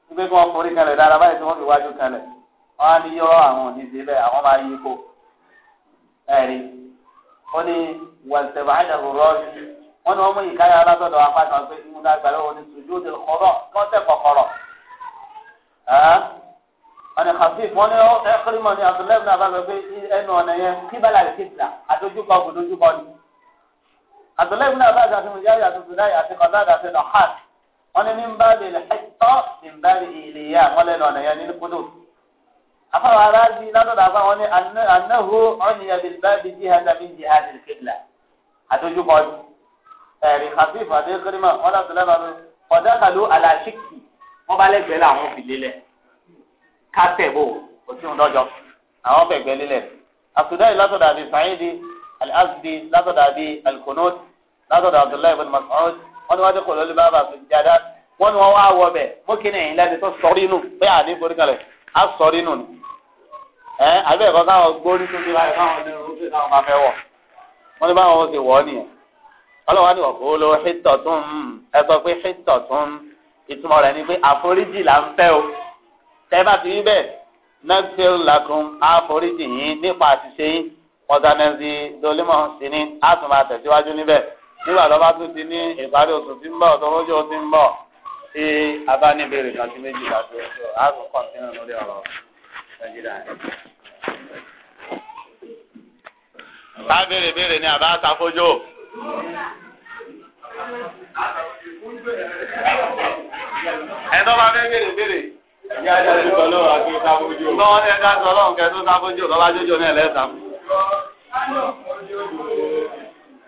nígbà tí wọ́n forí kalẹ̀ dára báyìí tí wọ́n fi wájú kalẹ̀ wọ́n á ní yọ àwọn òdìdí bẹ́ẹ̀ àwọn máa yí kó ẹ̀rí wọ́n ní wàlùtẹ̀bà àjàkú rọ́ọ̀bì wọ́n ní wọ́n mú ìkáyà alátọ̀dọ̀ apáta pé ìmúdá gbàlẹ́wò ní tùjú òde kọ́rọ̀ wọ́n tẹ̀ kọ̀kọ̀rọ̀ wọ́n ní khafif wọ́n ní ẹ́kírímọ̀ ní abdullahi bin abdullahi pé ẹnu ọ̀nà yẹn kíbálà lè kíbla àdójúkọ òdójúkọ ni abdullahi bin abdullahi àti mujahid àti abdullahi àti kọ́tàdà àti nọ̀hán wọ́n ní nígbà lè lẹ́tọ́ nígbà lè ìlẹ̀yà wọ́n lẹ́nu ọ̀nà yẹn ní kúdù afáwọn aráàlú ládọ́dọ̀ afáwọn ní anáhó ọ̀nìyàn bíi bá jihad àbí jihad kíbla àdójúkọ ni ẹ̀rí kàfíìfù àti kírímà wọn láti lẹ́nu ọdún kọ̀dákàlú aláṣíkì wọn bá lẹ́gbẹ̀ẹ́ làwọn fi lélẹ̀ kásẹ̀ bò òtún lọ́jọ́ àwọn fẹ̀gbẹ́ lélẹ̀ àtúndáyì látọ̀dọ̀ àbí sàyídì alásìdì látọ̀dọ̀ àbí alkonot látọ̀dọ̀ abdullahi ibn mas'ud wọn ni wọn ti kọlọ́lù bàbá sùjádà wọn ni wọn wá wọ bẹ mọ́kìnrin ẹ̀yìn láti tó sọrí nù pé àní borí kalẹ̀ á ọlọ́wà ni ọ̀kọ́ ló hítọ̀ tún ẹ sọ pé hítọ̀ tún ìtumọ̀ rẹ̀ ni pé àforíjì là ń fẹ́ o tẹ́ bá ti rí bẹ́ẹ̀ nẹ́gbẹ́l làkùn àforíjì yìí nípa àṣìṣe yìí mọ̀tánẹ́sì dolimọ̀ sí ni a tún máa tẹ̀síwájú níbẹ̀ nígbà tó bá tún ti ní ìparí oṣù tí ń bọ̀ tó lójú oṣù tí ń bọ̀ tí a bá ní ìbéèrè kan sí méjì láti oṣù a tún kọ̀ǹtínú lórí ọ̀rọ̀ nàìjíríà bá béèrè béèrè ni àbá ta fojú ẹ̀dọ́ bá fẹ́ béèrè béèrè. ìyá ajá ti sọ lọ́wọ́ àti sábójú. lọ́wọ́ ní ẹ̀dá sọ lọ́wọ́ kẹ́ẹ́ tó sábójú lọ́wọ́ ajójó náà lẹ́sàn